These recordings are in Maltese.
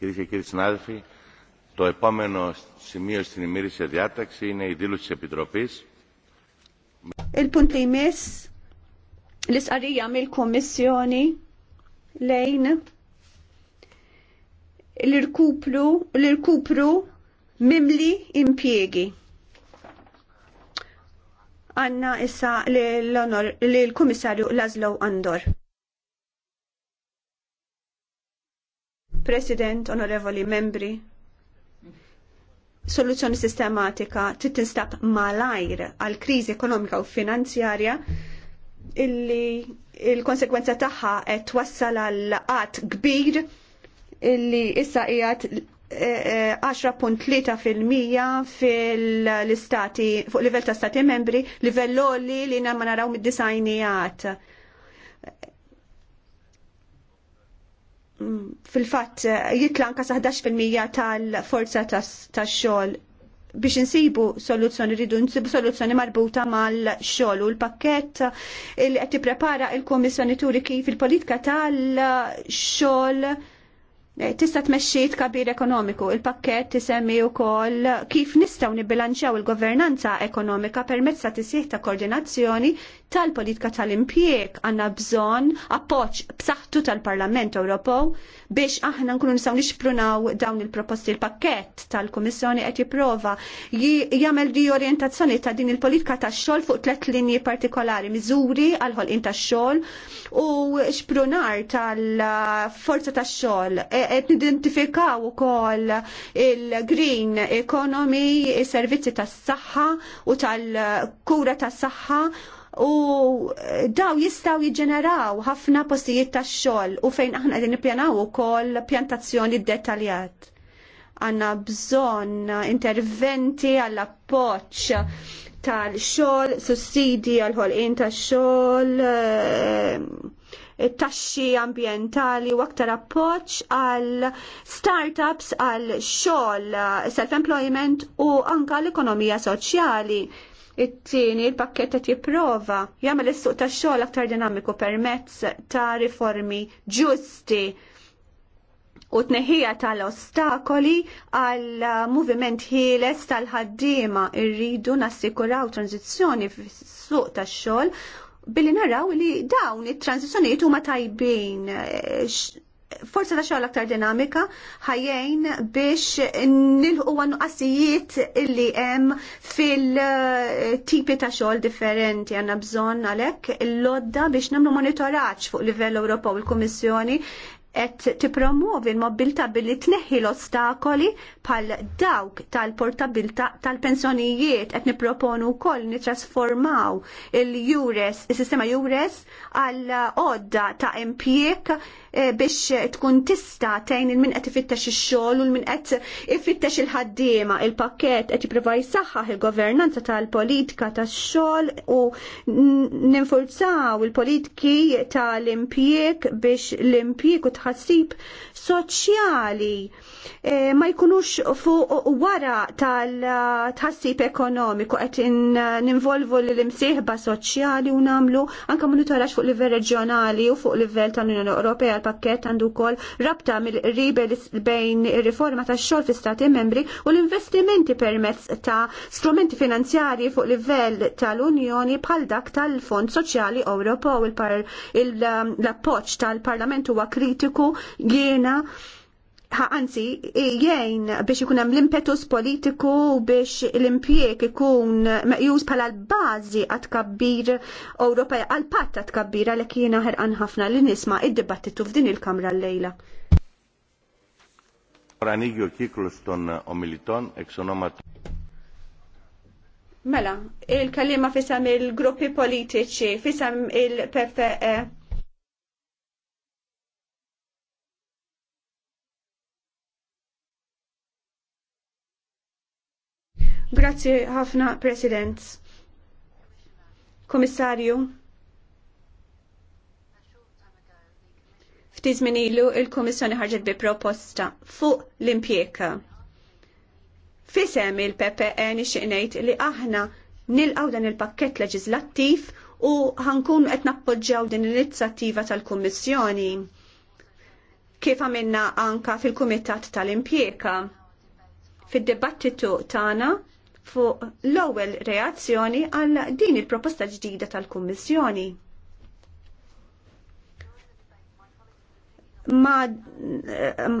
Κυρίε και κύριοι συνάδελφοι, το επόμενο σημείο στην ημίρηση διάταξη είναι η δήλωση τη Επιτροπή. Il-punt li jmiss l isqarija mill-Kommissjoni lejn l-irkupru mimli Għanna issa l-komissarju Lazlow Andor. President, onorevoli membri, soluzzjoni sistematika trid tinstab malajr għal kriżi ekonomika u finanzjarja illi il-konsekwenza tagħha qed twassal għal għat kbir illi issa qiegħed 10.3 e, e, fil-mija fil-istati fuq livell ta' stati membri, livell li li ma naraw mid għat. fil-fatt saħdax fil 11% tal-forza tax-xogħol biex insibu soluzzjoni, rridu nsibu soluzzjoni marbuta mal-xol u l-pakket il qed prepara il-Komissjoni turi kif il-politika tal-xol eh, tista' tmexxi kabir ekonomiku. Il-pakket tisemmi wkoll kif nistgħu nibbilanċjaw il-governanza ekonomika permezz ta' tisjih ta' koordinazzjoni tal-politika tal-impjek għanna bżon appoċ b'saħħtu tal-Parlament Ewropew biex aħna nkunu nistgħu nixprunaw dawn il-proposti l-pakkett tal-Kummissjoni qed jipprova jagħmel riorjentazzjoni ta' din il-politika tax-xogħol fuq tliet linji partikolari, miżuri għal ħolqien tax-xogħol u xprunar tal-forza tax-xogħol. E- qed nidentifikaw ukoll il-green economy, is-servizzi tas-saħħa u tal-kura tas-saħħa u eh, daw jistaw jiġġeneraw ħafna postijiet tax xogħol u fejn aħna qegħdin nippjanaw ukoll pjantazzjoni dettaljat. Għanna bżonn interventi għall appoġġ tal-xogħol, sussidi għal ħolqien tax-xogħol, eh, taxxi ambjentali u aktar appoġġ għal startups għal xogħol, self-employment u anke l-ekonomija soċjali It-tieni l-pakket qed jipprova jagħmel is-suq tax-xogħol aktar dinamiku permezz ta' riformi ġusti u tneħħija tal-ostakoli għal moviment ħieles tal-ħaddiema irridu nassikuraw tranzizzjoni fis-suq tax-xogħol billi naraw li dawn it-tranzizzjonijiet huma tajbin forse ta' xogħol aktar dinamika ħajjejn biex nilħu qasijiet illi hemm fil-tipi ta' xogħol differenti għandna bżonn għalhekk il-lodda biex nagħmlu monitoraċ fuq livell l-Komissjoni kummissjoni ti promuvi l mobilta billi tneħħi l-ostakoli pal dawk tal-portabilità tal-pensjonijiet qed nipproponu wkoll nitrasformaw il-Jures, is-sistema Jures għal odda ta' impjieg Eh, biex tkun tista tgħin il-min qed ifittex ix-xogħol u l-min qed ifittex il-ħaddiema. Il-pakkett qed jipprova jsaħħaħ il-governanza tal-politika tax-xogħol u ninfurzaw il-politiki tal-impjieg biex l-impjieg u tħassib soċjali Eh, ma jkunux fuq wara tal-tħassib eh, ekonomiku qed eh, ninvolvu l-imsieħba soċjali u nagħmlu anke monitoraġġ fuq livell reġjonali u fuq livell tal-Unjoni Ewropea l-pakkett għandu wkoll rabta mill-qribe bejn ir-riforma tax-xogħol fl-Stati membri u l-investimenti permezz ta' strumenti finanzjarji fuq livell tal-Unjoni bħal dak tal-Fond Soċjali Ewropew l-appoġġ tal-Parlament huwa kritiku jiena anzi jgħin biex ikun hemm l-impetus politiku biex l-impjeg ikun meqjus bħala l-bażi għat kabbir Ewropea għal patt għat kabbir għalhekk jiena ħerqan ħafna li nisma' id-dibattitu f'din il-Kamra l-lejla. Ranigio Kiklus ton omiliton eksonomat. Mela, il-kalima fissam il-gruppi politiċi, fisam il-PPE, Grazzi ħafna, President. Komissarju, ftit minn ilu il-Komissjoni ħarġet bi proposta fuq l-impjeka. Fisem il-PPE nixqnejt li aħna nilqaw dan il-pakket leġislattiv u ħankun qed nappoġġjaw din l-inizjattiva tal-Kummissjoni kif għamilna anka fil-Kumitat tal-Impjeka. Fid-dibattitu tagħna fuq l-ewwel reazzjoni għal din il-proposta ġdida tal-Kummissjoni. Ma ehm,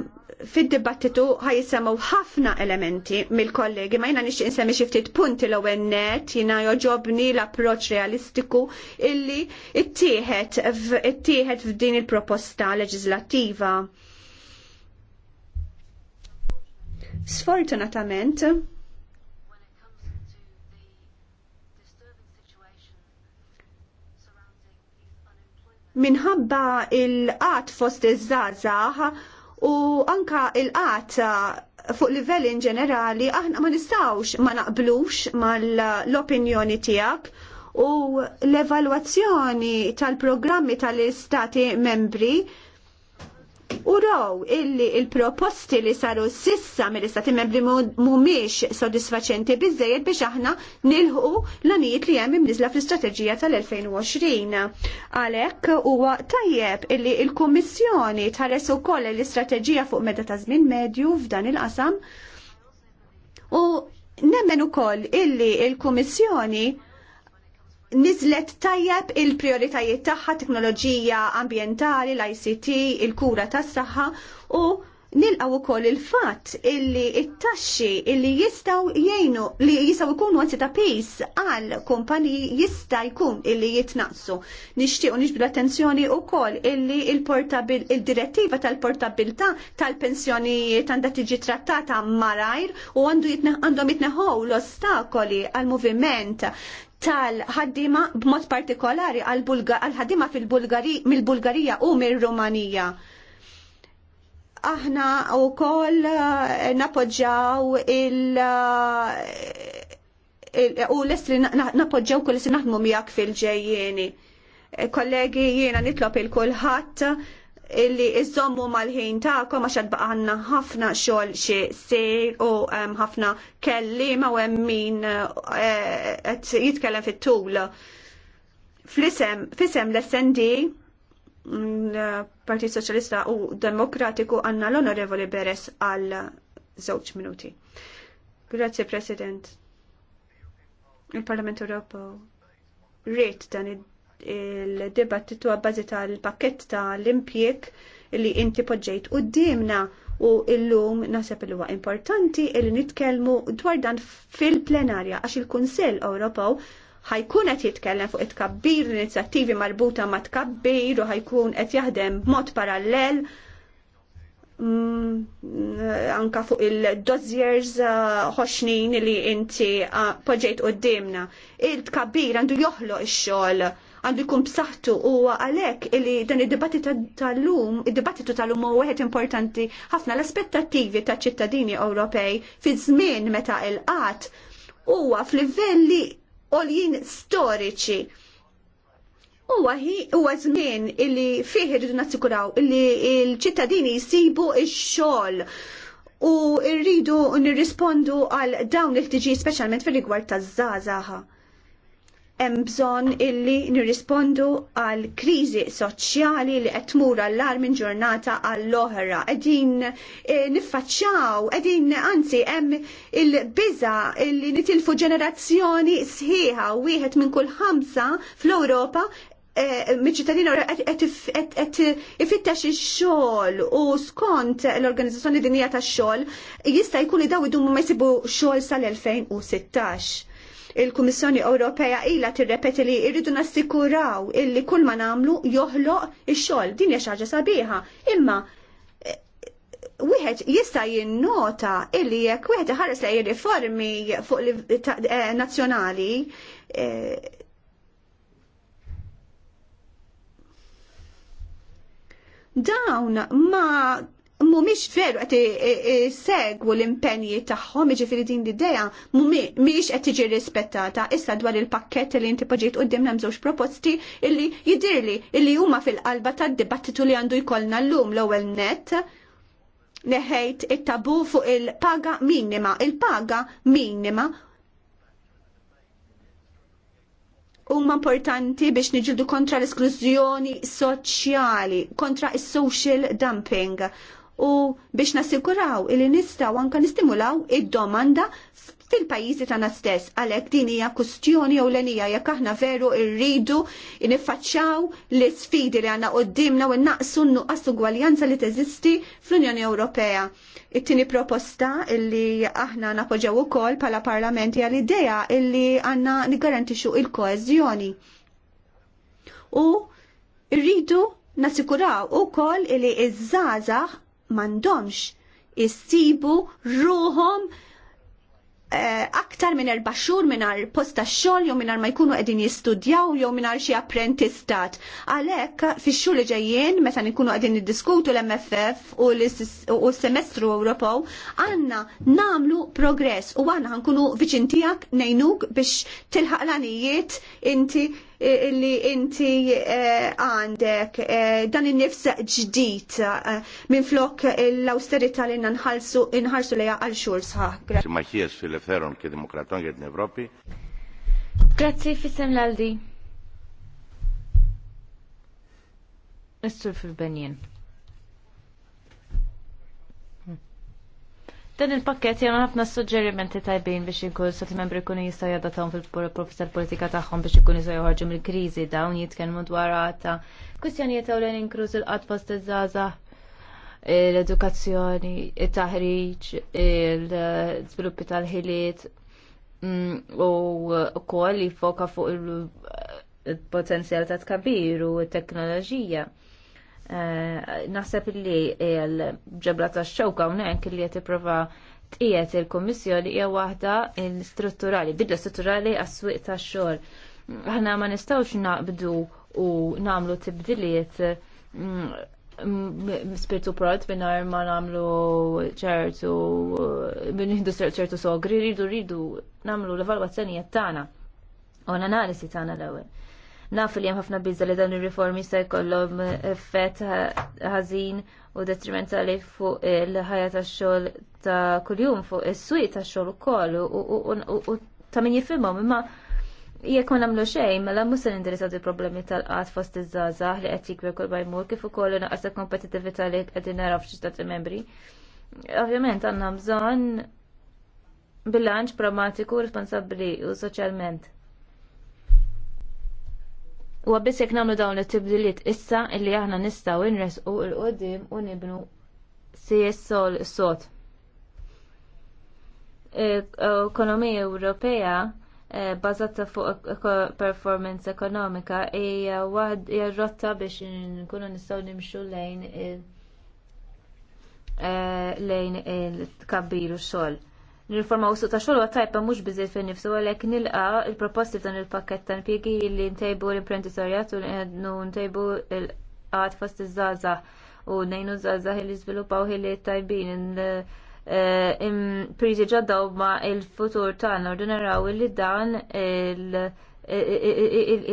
fid-dibattitu ħajsemaw ħafna elementi mill-kollegi, ma jina nixtieq insemmi xi ftit punti l ewwel net, jina joġobni l-approċċ realistiku illi ittieħed f'din il-proposta leġislattiva. Sfortunatament, minħabba il-qat fost iż-żazax u anka il-qat fuq livell in ġenerali aħna ma nistawx ma naqblux mal-opinjoni tiegħek u l-evalwazzjoni tal-programmi tal-istati membri u raw illi il-proposti li saru sissa mill-istati membri mumiex sodisfaċenti bizzejed biex aħna nilħu l-anijiet li hemm imnizla fl-istrateġija tal-2020. Għalhekk huwa tajjeb illi il-Kummissjoni tħares koll l-istrateġija fuq meta ta' żmien medju f'dan il-qasam u nemmen ukoll illi il-Kummissjoni il kommissjoni il kummissjoni nizlet tajjeb il-prioritajiet tagħha teknoloġija ambjentali, l-ICT, il-kura tas-saħħa u nilqaw ukoll il-fatt illi it-taxxi illi jistgħu jgħinu li jistgħu jkunu anzi ta' pis għal kumpani jista' jkun illi jitnaqsu. Nixtiequ nixbdu attenzjoni wkoll illi il-portabil il-direttiva tal-portabilità tal-pensjonijiet għandha tiġi trattata marajr u għandu għandhom jitneħħu l-ostakoli għal moviment tal-ħaddima b'mod partikolari għal-ħaddima mill-Bulgarija u mill-Rumanija. Aħna u koll eh, napoġġaw il- eh, u l-est li napoġġaw kull naħdmu miegħek fil-ġejjieni. Eh, kollegi jiena nitlob il-kulħadd illi iżommu mal-ħin ta'kom għax għadbaqa għanna ħafna xogħol xi sejr u ħafna kellima u hemm min eh, qed jitkellem fit-tul. f'isem l-SND l-Partit mm, Soċjalista u Demokratiku għanna l-Onorevoli Beres għal żewġ minuti. Grazie President. Il-Parlament Ewropew rrit dan id il-dibattitu għabbażi tal-pakket tal-impjek li inti poġġejt u d-dimna u il-lum nasab il huwa importanti li nitkellmu dwar dan fil-plenarja għax il-Kunsell Ewropew ħajkun qed jitkellem fuq it-kabbir l-inizjattivi marbuta ma' tkabbir u ħajkun qed jaħdem b'mod parallel mm, anka fuq il-dozzjers uh, ħoxnin li inti uh, poġġejt qoddimna. Il-tkabbir għandu joħloq ix-xogħol għandu jkun b'saħħtu u għalhekk li dan id-dibattitu tal-lum, id-dibattitu tal-lum huwa wieħed importanti ħafna l-aspettattivi ta' ċittadini Ewropej fi żmien meta l qatt huwa f'livelli għoljin storiċi. Huwa huwa żmien illi fih irridu nassikuraw illi l-ċittadini jsibu x-xogħol u rridu nirrispondu għal dawn il ħtiġijiet speċjalment fir-rigward taż-żgħażagħ hemm bżonn illi nirrispondu għal kriżi soċjali li qed tmur allar minn ġurnata għall oħra Qegħdin eh, niffaċċjaw, qegħdin anzi hemm il-biża illi nitilfu ġenerazzjoni sħiħa wieħed minn kull ħamsa fl-Ewropa eh, miċ qed ifittex ix-xogħol u skont l-Organizzazzjoni Dinija tax-xogħol jista' jkun li daw idum ma jsibu xogħol sal-2016 il-Kummissjoni Ewropea ilha tirrepeti li jridu nassikuraw illi kull ma nagħmlu joħloq ix-xogħol. Din hija xi ħaġa sabiħa. Imma eh, wieħed jista' jinnota illi jekk wieħed iħares lejn riformi fuq eh, nazzjonali eh, dawn ma mumiex veru qed segwu l-impenji tagħhom, jiġifieri din l-idea mhijiex qed tiġi rispettata. Issa dwar il-pakkett li inti d qudiemna żewġ proposti illi jidirli illi huma fil-qalba tad-dibattitu li għandu jkollna llum l-ewwel net neħejt it-tabu fuq il-paga minima. Il-paga minima huma importanti biex niġildu kontra l-esklużjoni soċjali, kontra il social dumping u biex nassiguraw li nistgħu anka nistimulaw id-domanda fil-pajjiżi tagħna stess għalhekk din hija kustjoni l-enija jekk aħna veru rridu niffaċċjaw l-isfidi li għandna qudiemna u naqsu n-nuqqas ugwaljanza li teżisti fl-Unjoni Ewropea. It-tieni proposta illi aħna napoġġew ukoll bħala Parlamenti għal idea illi għandna niggarantixxu il-koeżjoni. U rridu nasikuraw u koll li iż-żazax mandomx issibu ruhom eh, aktar minn erba' xhur mingħajr posta xogħol jew mingħajr ma jkunu qegħdin jistudjaw jew mingħajr xi apprentistat. Għalhekk fix-xhur li ġejjin meta nkunu qegħdin niddiskutu l-MFF u s-semestru Ewropew għandna nagħmlu progress u aħna għankunu viċin tiegħek ngħinuk biex tilħaq l inti li inti eh, għandek eh, dan in-nifs ġdid eh, minn flok l-austerità li nħalsu inħarsu lejha għal xhur sħaħ. Maħjes fil-Eferon ke Demokraton qed Evropi. Grazzi fissem l-Aldi. Nistur fil-Benjen. Dan il-pakket jgħu ħafna suġġerimenti tajbin biex inkun sati membri kunu jistaw jadataw fil professor politika tagħhom biex ikun jistaw joħorġu mill-kriżi dawn jitkellmu dwar għata. Kwistjonijiet ewlen inkruż il-qatfas t-zaza, l-edukazzjoni, il taħriġ il zviluppi tal-ħiliet mm, u wkoll foka fuq il-potenzjal ta' tkabbir u t-teknoloġija Eh, naħseb li l-ġebra ta' xewka unek li jett prova tqiet il-Kommissjoni hija waħda strutturali, bidla strutturali għas-swieq tax-xogħol. Aħna ma nistgħux naqbdu u nagħmlu tibdiliet mm, mm, spiritu prod minar ma namlu ċertu eh, jihdu ċertu sogri ridu ridu namlu l-evalwazzjonijiet tagħna u l-analisi tagħna l-ewwel. Naf li hemm ħafna biża li dan ir-riformi se jkollhom effett ħażin u detrimentali fuq il-ħajja tax-xogħol ta' kuljum fuq is swit tax-xogħol ukoll u ta' min jifhimhom imma jekk ma nagħmlu xejn mela mhux se nindirizzaw il-problemi tal-qatt fost iż-żgħażagħ li qed jikber kull bajmur kif ukoll inqas il-kompetittività li qegħdin naraw f'xi stati membri. Ovvjament għandna bżonn bilanċ pragmatiku responsabbli u soċjalment U għabbis jek namlu dawn it-tibdiliet issa illi aħna nistaw u il-qoddim u nibnu CSO sot. E-, e, ekonomija Ewropea e, bazata fuq performance ekonomika hija waħd hija rotta biex nkunu nistgħu nimxu lejn il- lejn il-tkabbir u xogħol Nirriformaw suq ta' xogħol tajba mhux biżejt fin nifsu għalhekk nilqa il-proposti f'dan il-pakkett ta' impjiegi li ntejbu l-imprenditorjat u ntejbu l-qgħad fost iż-żgħażagħ u nejnu żgħażagħ li żviluppaw ħiliet tajbin e, imprizi ġaddaw ma il-futur tagħna u naraw li dan il-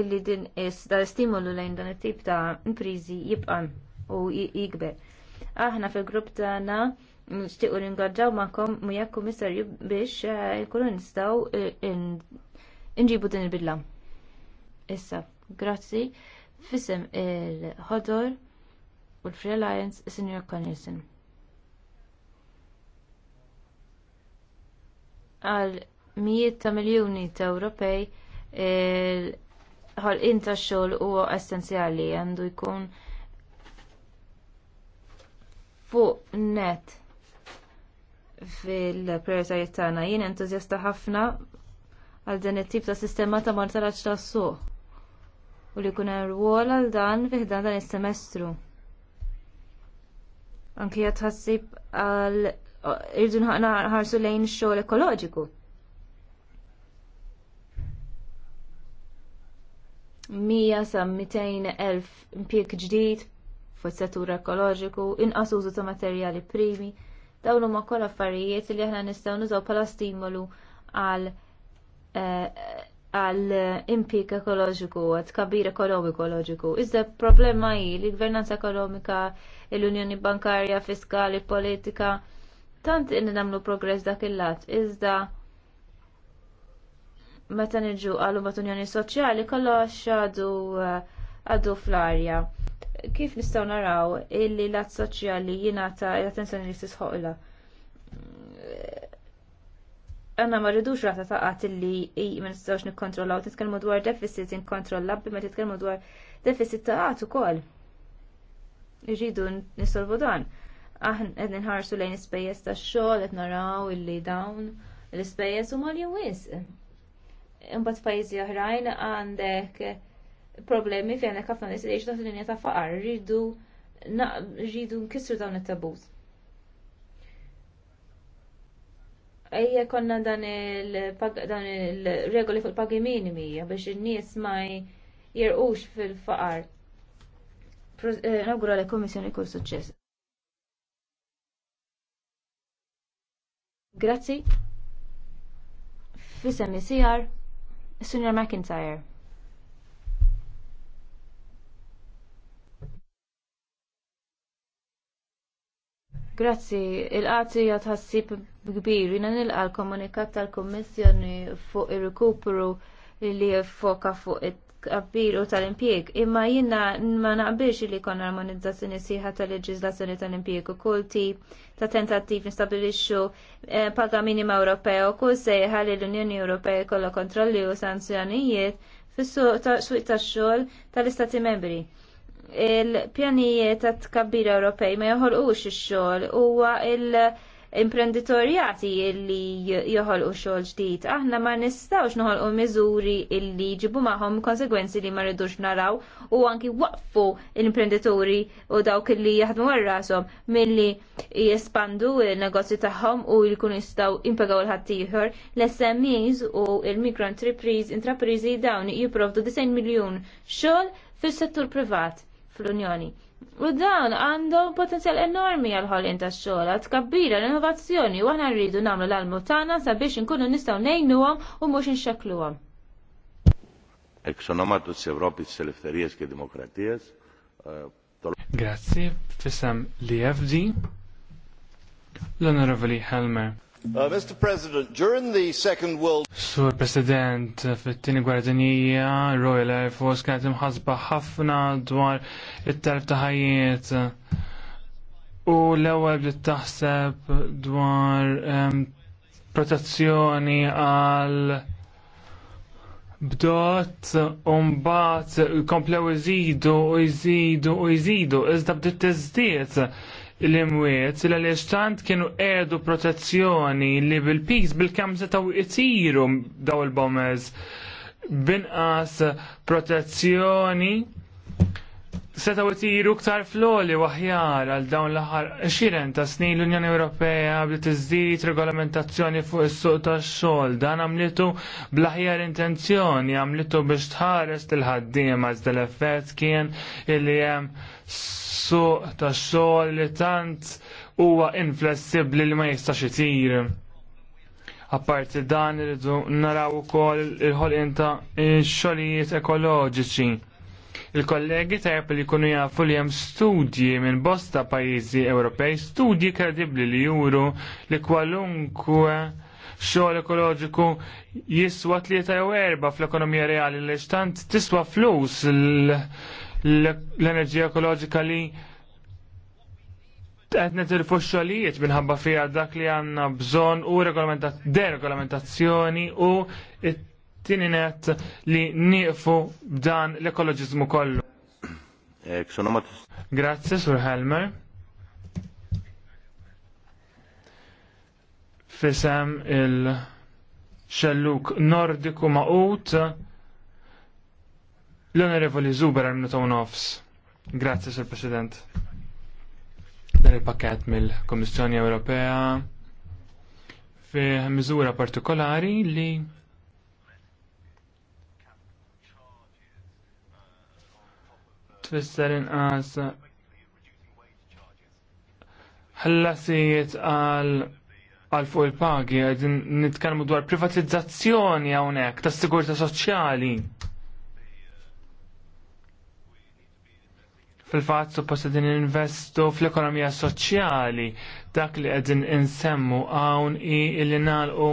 illi din is da stimolu lejn dan it-tip ta' imprizi jibqa' u jikber. Aħna fil-grupp tagħna nixtiequ ringraġġaw magħkom mujak kummissarju biex jkunu eh, nistgħu eh, inġibu din il-bidla. Issa, grazzi fisem il-ħodor u l-Free Alliance Senior Connelson. Għal mijiet ta' miljuni ta' Ewropej il inta xogħol huwa essenzjali għandu jkun fuq net fil-prioritajiet tagħna. Jien entużjasta ħafna għal dan it-tip ta' sistema ta' martaraġġ tas-suq u li jkun hemm rwol għal dan fih dan dan is-semestru. Anki qed ħassib għal irdu ħarsu lejn xogħol ekoloġiku. Mija sa 200 elf impjeg ġdid fuq settur ekoloġiku, inqas użu ta' materjali primi, Dawn huma kol affarijiet li aħna nistgħu nużaw bħala stimolu għal eh, għal impik ekoloġiku, għad kabir ekonomiku ekoloġiku. Iżda problema hi li gvernanza ekonomika, l-Unjoni Bankarja, Fiskali, Politika, tant inni namlu progress dak il-lat, iżda meta niġu għal unjoni soċjali kollox għadu eh, għadu fl-arja kif nistgħu naraw illi lat soċjali jingħata l-attenzjoni li tisħoqla? Għanna ma rridux rata ta' qatt illi ma nistgħux nikkontrollaw, titkellmu dwar deficit inkontrollabbli ma titkellmu dwar deficit ta' qatt ukoll. Irridu nisolvu dan. Aħna qed nħarsu lejn ispejjeż tax-xogħol qed naraw illi dawn l-ispejjeż huma li wisq. Imbagħad f'pajjiżi oħrajn għandek problemi fejn hekk ħafna nis, li jgħixu l linja ta' faqar, rridu rridu nkissru dawn it-tabut. Ejja konna dan il-regoli fuq il-pagi minimi biex in-nies ma jirqux fil-faqar. Eh, Nagura l kommissjoni kull suċċess. Grazzi. Fisem isijar, Sunjar McIntyre. Grazzi, il-qati jatħassib kbir, jina nilqa l-komunikat tal-Kommissjoni fuq il-rekupru li foka fuq it-kabbir u tal-impjeg. Imma jina ma naqbilx li kon armonizzazzjoni siħa tal-leġizlazzjoni tal-impjeg u kull tip ta' tentattiv nistabilixxu eh, paga minima Ewropea u kull sejħa li l-Unjoni Ewropea kollha kontrolli u sanzjonijiet fis-suq ta' xogħol tal-Istati Membri il-pjanijiet ta' tkabbir Ewropej ma joħolqux ix-xogħol huwa il- imprenditorjati illi joħolqu xogħol ġdid. Aħna ma nistgħux noħolqu miżuri illi ġibu magħhom konsegwenzi li ma rridux naraw u anki waqfu l-imprenditori u dawk illi jaħdmu għal rashom milli jespandu il-negozju tagħhom u jkunu jistgħu impegaw l-ħadd ieħor. L-SMEs u l-micro entreprise intraprizi dawn jipprovdu 90 miljun xogħol fis-settur privat fl-Unjoni. U dan għandhom potenzjal enormi għal-ħolin ta' xogħol, tkabbira l-innovazzjoni u aħna rridu nagħmlu l-almu tagħna sabiex inkunu nistgħu ngħinuhom u mhux inxekkluhom. Εξ ονόματο s Ευρώπη τη Ελευθερία Grazie, fissam li e FD, l-Onorevoli Helmer. Uh, Mr. President, during the Second World Sur President, uh, fit-tieni gwardinija, Royal Air Force kienet imħasba ħafna dwar it-tarf ta' ħajjiet. U l-ewwel bdiet taħseb dwar protezzjoni għal bdot mbagħad komplew iżidu u iżidu u iżidu, iżda bdiet iżdiet l-imwiet, l istant kienu edu protezzjoni li bil-pis bil-kam setaw itiru daw il-bomez binqas protezzjoni setaw itiru ktar floli waħjar għal dawn l-ħar 20 ta' snin l-Unjoni Ewropea bdiet iżdid regolamentazzjoni fuq is-suq tax-xogħol. Dan għamlitu bl-aħjar intenzjoni, għamlitu biex tħares til-ħaddiema iżda l-effett kien illi hemm suq tax-xogħol li tant huwa inflessibbli li ma jistax itir. Apparti dan irridu naraw ukoll il-ħolqien ta' xogħlijiet ekoloġiċi. Il-kollegi tajb li jkunu jafu li hemm studji minn bosta pajjiżi Ewropej, studji kredibbli li juru li kwalunkwe xogħol ekoloġiku jiswa tlieta jew erba' fl-ekonomija reali li xtant tiswa flus l l-enerġija ekoloġika li qed netilfu x-xogħlijiet minħabba fiha dak li għandna bżonn u deregolamentazzjoni u t tininet li nieqfu b'dan l ekoloġizmu kollu. Grazzi, Sur Helmer. Fisem il-xelluk nordiku maqut L-Onorevoli Zuber għal nofs. Grazie, Sir President. Dan il-pakket mill-Kommissjoni Ewropea fi miżura partikolari li tfisser inqas ħallasijiet għal għal fuq il-pagi, għedin nitkellmu dwar privatizzazzjoni għawnek, ta' sigurta soċjali. fil-fatt suppost din investu fl-ekonomija soċjali dak li qegħdin insemmu hawn i li nagħlqu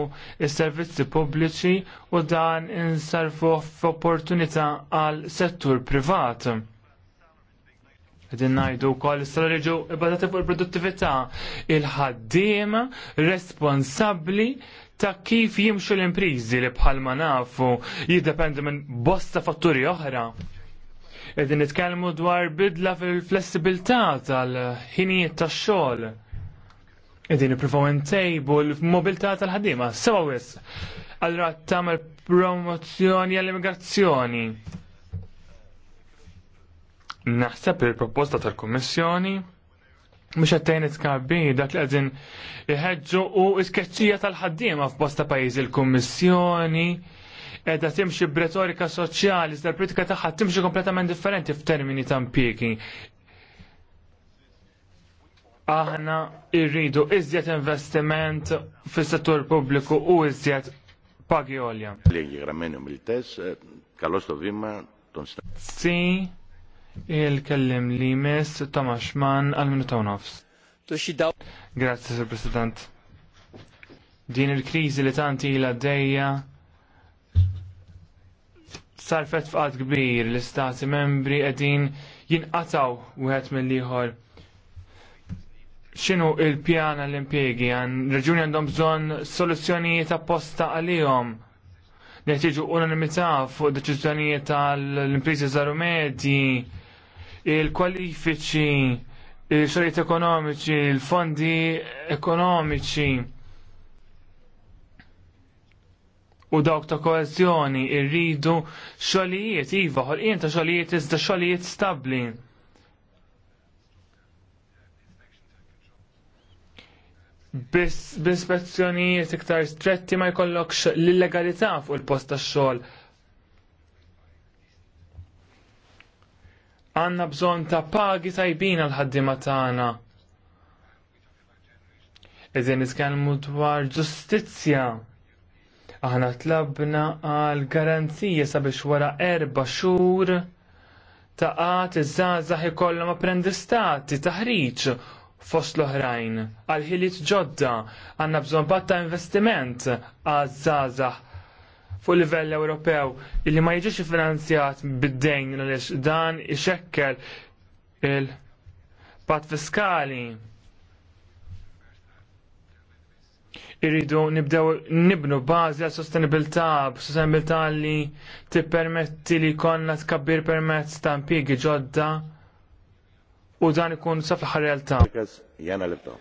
s-servizzi pubbliċi u dan insarfu f'opportunità għal settur privat. Għedin najdu kol s-salariġu ibadati fuq il-produttività il-ħaddim responsabli ta' kif jimxu l-imprizi li bħalma nafu jiddependi minn bosta fatturi oħra. Qegħdin nitkellmu dwar bidla fil-flessibilità tal-ħinijiet tax-xogħol. Qegħdin nippruvaw intejbu l-mobilità tal-ħaddiema. Sewa wis. Allura tagħmel promozzjoni għall-immigrazzjoni. Naħseb il-proposta tal-Kummissjoni Mhux qed it-kabbi, dak li qegħdin iħeġġu u iskeċċija tal ħaddiema f'bosta pajjiż l kummissjoni edha timxi b'retorika soċjali, iżda l-politika tagħha timxi kompletament differenti f'termini ta' impjiegi. Aħna irridu iżjed investiment fis-settur pubbliku u iżjed pagi olja. Lejji grammenu mil tess eh, kalos to vimma ton Si, il-kellim li mis Tomas Mann għal-minuta nofs. Grazie, Sir President. Din il-krizi li tanti ila dejja sarfet fqat kbir l-istati membri qegħdin jinqataw wieħed mill-ieħor. X'inhu il-pjan għall-impjegi għan reġuni għandhom bżonn soluzzjonijiet apposta għalihom neħtieġu unanimità fuq deċiżjonijiet tal-impriżi żaru medji, il-kwalifiċi, il il-fondi ekonomiċi, il-fondi ekonomiċi u dawk ta' koezjoni irridu xogħlijiet iva, ħolqien ta' xogħlijiet iżda xogħlijiet stabbli. B'ispezzjonijiet iktar stretti ma jkollokx l-illegalità fuq il-post tax-xogħol. Għanna bżonn ta' pagi tajbin għal ħaddima tagħna. Iżjed iskan dwar ġustizzja. Aħna tlabna għal garanzija sabiex wara erba xhur ta' qat iż-żgħażagħ ikollhom apprendistati taħriġ fost l-oħrajn għal ħiliet ġodda għandna bżonn ta' investiment għaż-żgħażagħ fuq livell Ewropew illi ma jiġix finanzjat bid-dejn għaliex dan ixekkel il-pat fiskali Irridu nibdew nibnu bażi għal sostenibilità, sostenibilità li tippermetti li jkollna tkabbir permezz ta' impjiegi ġodda u dan ikun sa fl realtà. Jana libda.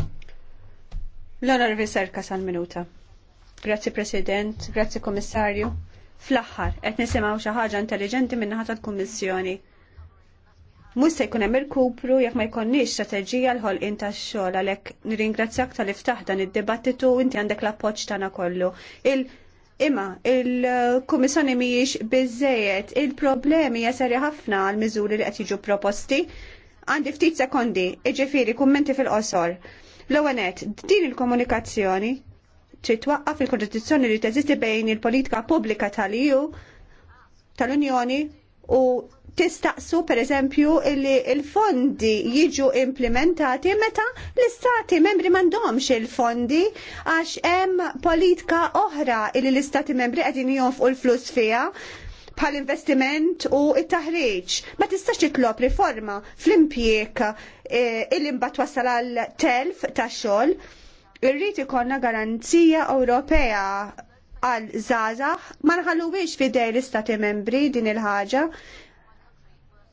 L-onorvi serka sal-minuta. Grazzi President, grazzi Komissarju. Fl-aħħar, qed nisimgħu xi ħaġa intelligenti min-naħa tal-Kummissjoni mhux se jkun hemm kupru jekk ma jkollniex strateġija l ħolqien tax-xogħol għalhekk nirringrazzjak tal-iftaħ dan id-dibattitu inti għandek l-appoġġ tagħna kollu. Il Imma, il-Kummissjoni mhijiex bizzejet, il-problemi jasari ħafna għal miżuri li qed jiġu proposti. Għandi ftit sekondi, iġifieri kummenti fil-qosor. l għanet din il-komunikazzjoni trid twaqqaf il-kontradizzjoni li teżisti bejn il-politika pubblika tal-EU tal-Unjoni u tistaqsu per eżempju li il-fondi jiġu implementati meta l-istati membri mandomx il-fondi għax hemm politika oħra li l-istati membri qegħdin jonfqu l-flus fiha bħal investiment u it-taħriġ. Ma tistax titlob riforma fl impjek e, illi mbagħad wasal għal telf tax xogħol. Irrid ikollna garanzija Ewropea għal zazax ma nħalluwiex fidej l-istati membri din il-ħaġa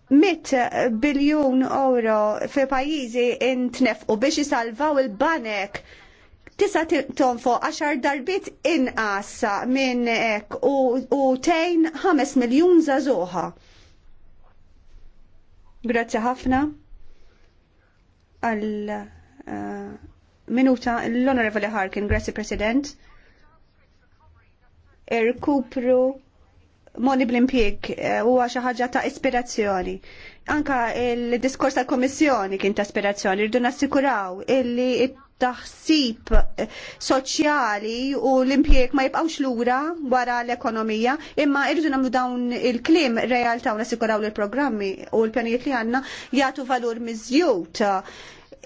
100 biljun euro fi pajjiżi u biex jisalvaw il-banek tisa tonfo 10 darbit inqas minn ek u, u tejn 5 miljun zazuħa. Grazzi ħafna għal eh, minuta l-Onorevole Harkin, grazzi President. Irkupru moni bl-impjeg eh, huwa xi ħaġa ta' ispirazzjoni. Anka il-diskors tal-Komissjoni kien ta' ispirazzjoni, rridu nassikuraw illi taħsib eh, soċjali u l-impjeg ma jibqawx lura wara l-ekonomija, imma irridu nagħmlu dawn il-klim realtà u nassikuraw l-programmi u l-pjanijiet li għandna jagħtu valur miżjud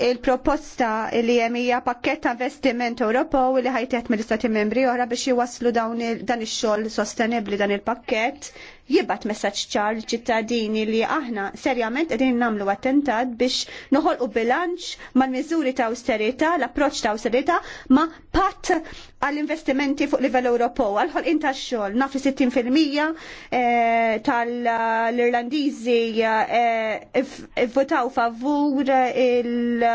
il-proposta li hemm hija pakket ta' investiment Ewropew li ħajtet mill-Istati membri oħra biex jwasslu dawn dan ix-xogħol sostenibbli dan il-pakket jibat messaċ ċar ċittadini li aħna serjament qegħdin nagħmlu attentat biex noħolqu bilanċ mal-miżuri ta' austerita, l-approċċ ta' austerita, ma' patt għall-investimenti fuq livell Ewropew, Għalħol inta tax-xogħol, 60% eh, tal-Irlandiżi eh, votaw favur il-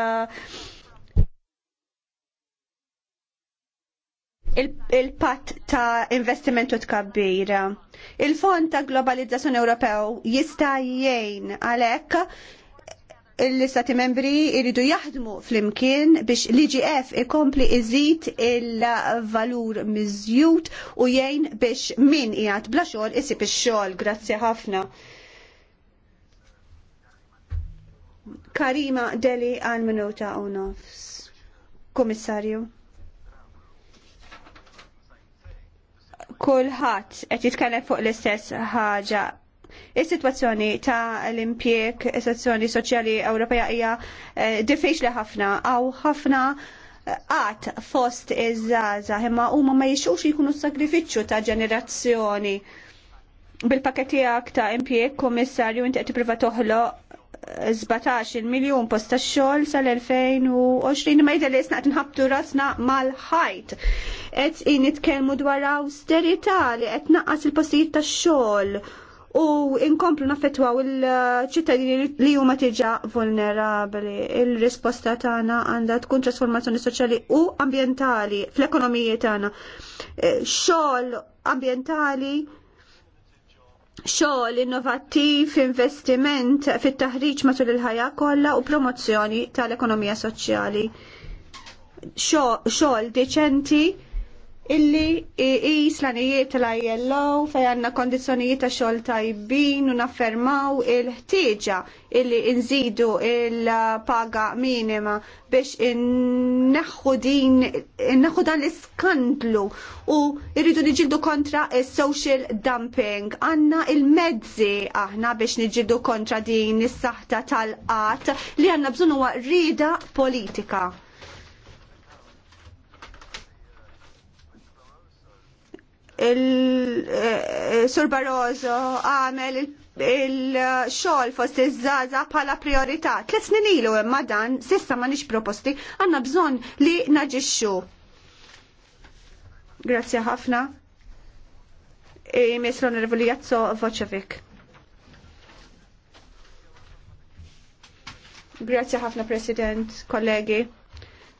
il-patt ta' investimentu tkabbir. Il-fond ta' globalizzazzjoni Ewropew jista' jgħin għalhekk l-istati membri jridu jaħdmu fl-imkien biex l-IGF ikompli iżid il-valur miżjud u jgħin biex min jgħat bla xogħol isib ix-xogħol. Grazzi ħafna. Karima Deli għal minuta u nofs. Komissarju. kulħadd qed jitkellem fuq l-istess ħaġa. Is-sitwazzjoni ta' l-impjek, is-sitwazzjoni soċjali Ewropea hija eh, diffiċli ħafna għaw ħafna għat eh, fost iż żaża imma huma ma jixux jkunu sagrifiċċju ta' ġenerazzjoni. bil għak ta' impjek, komissarju, inti qed tipprova toħloq 17 miljon posta xogħol sal-2020 ma jidher li jisnaq nħabtu rasna mal-ħajt. Qed in nitkellmu dwar austerita li qed naqqas il-postijiet tax-xogħol u inkomplu u il-ċittadini li huma tiġa vulnerabli. Il-risposta tagħna għandha tkun trasformazzjoni soċjali u ambjentali fl-ekonomiji tagħna. Eh, xogħol ambjentali xogħol innovattiv, investiment fit-taħriġ matul il-ħajja kollha u promozzjoni tal-ekonomija soċjali. Xogħol deċenti illi jis l l-ILO fej għanna kondizjonijiet ta' xogħol tajbin u naffermaw il-ħtieġa illi nżidu il-paga minima biex inneħħu dan l-iskandlu u irridu niġildu kontra il-social dumping. Għanna il-mezzi aħna biex niġildu kontra din is-saħta tal-qat li għanna bżonu rida politika. il-Sur eh, Barroso għamel il-xol fost iż-żaza bħala priorità. Tlet snin ilu imma dan, sissa ma nix proposti, għanna bżon li naġixxu. Grazie ħafna. E, Miss l-Onorevoli Jazzo Vocevic. Grazie ħafna President, kollegi.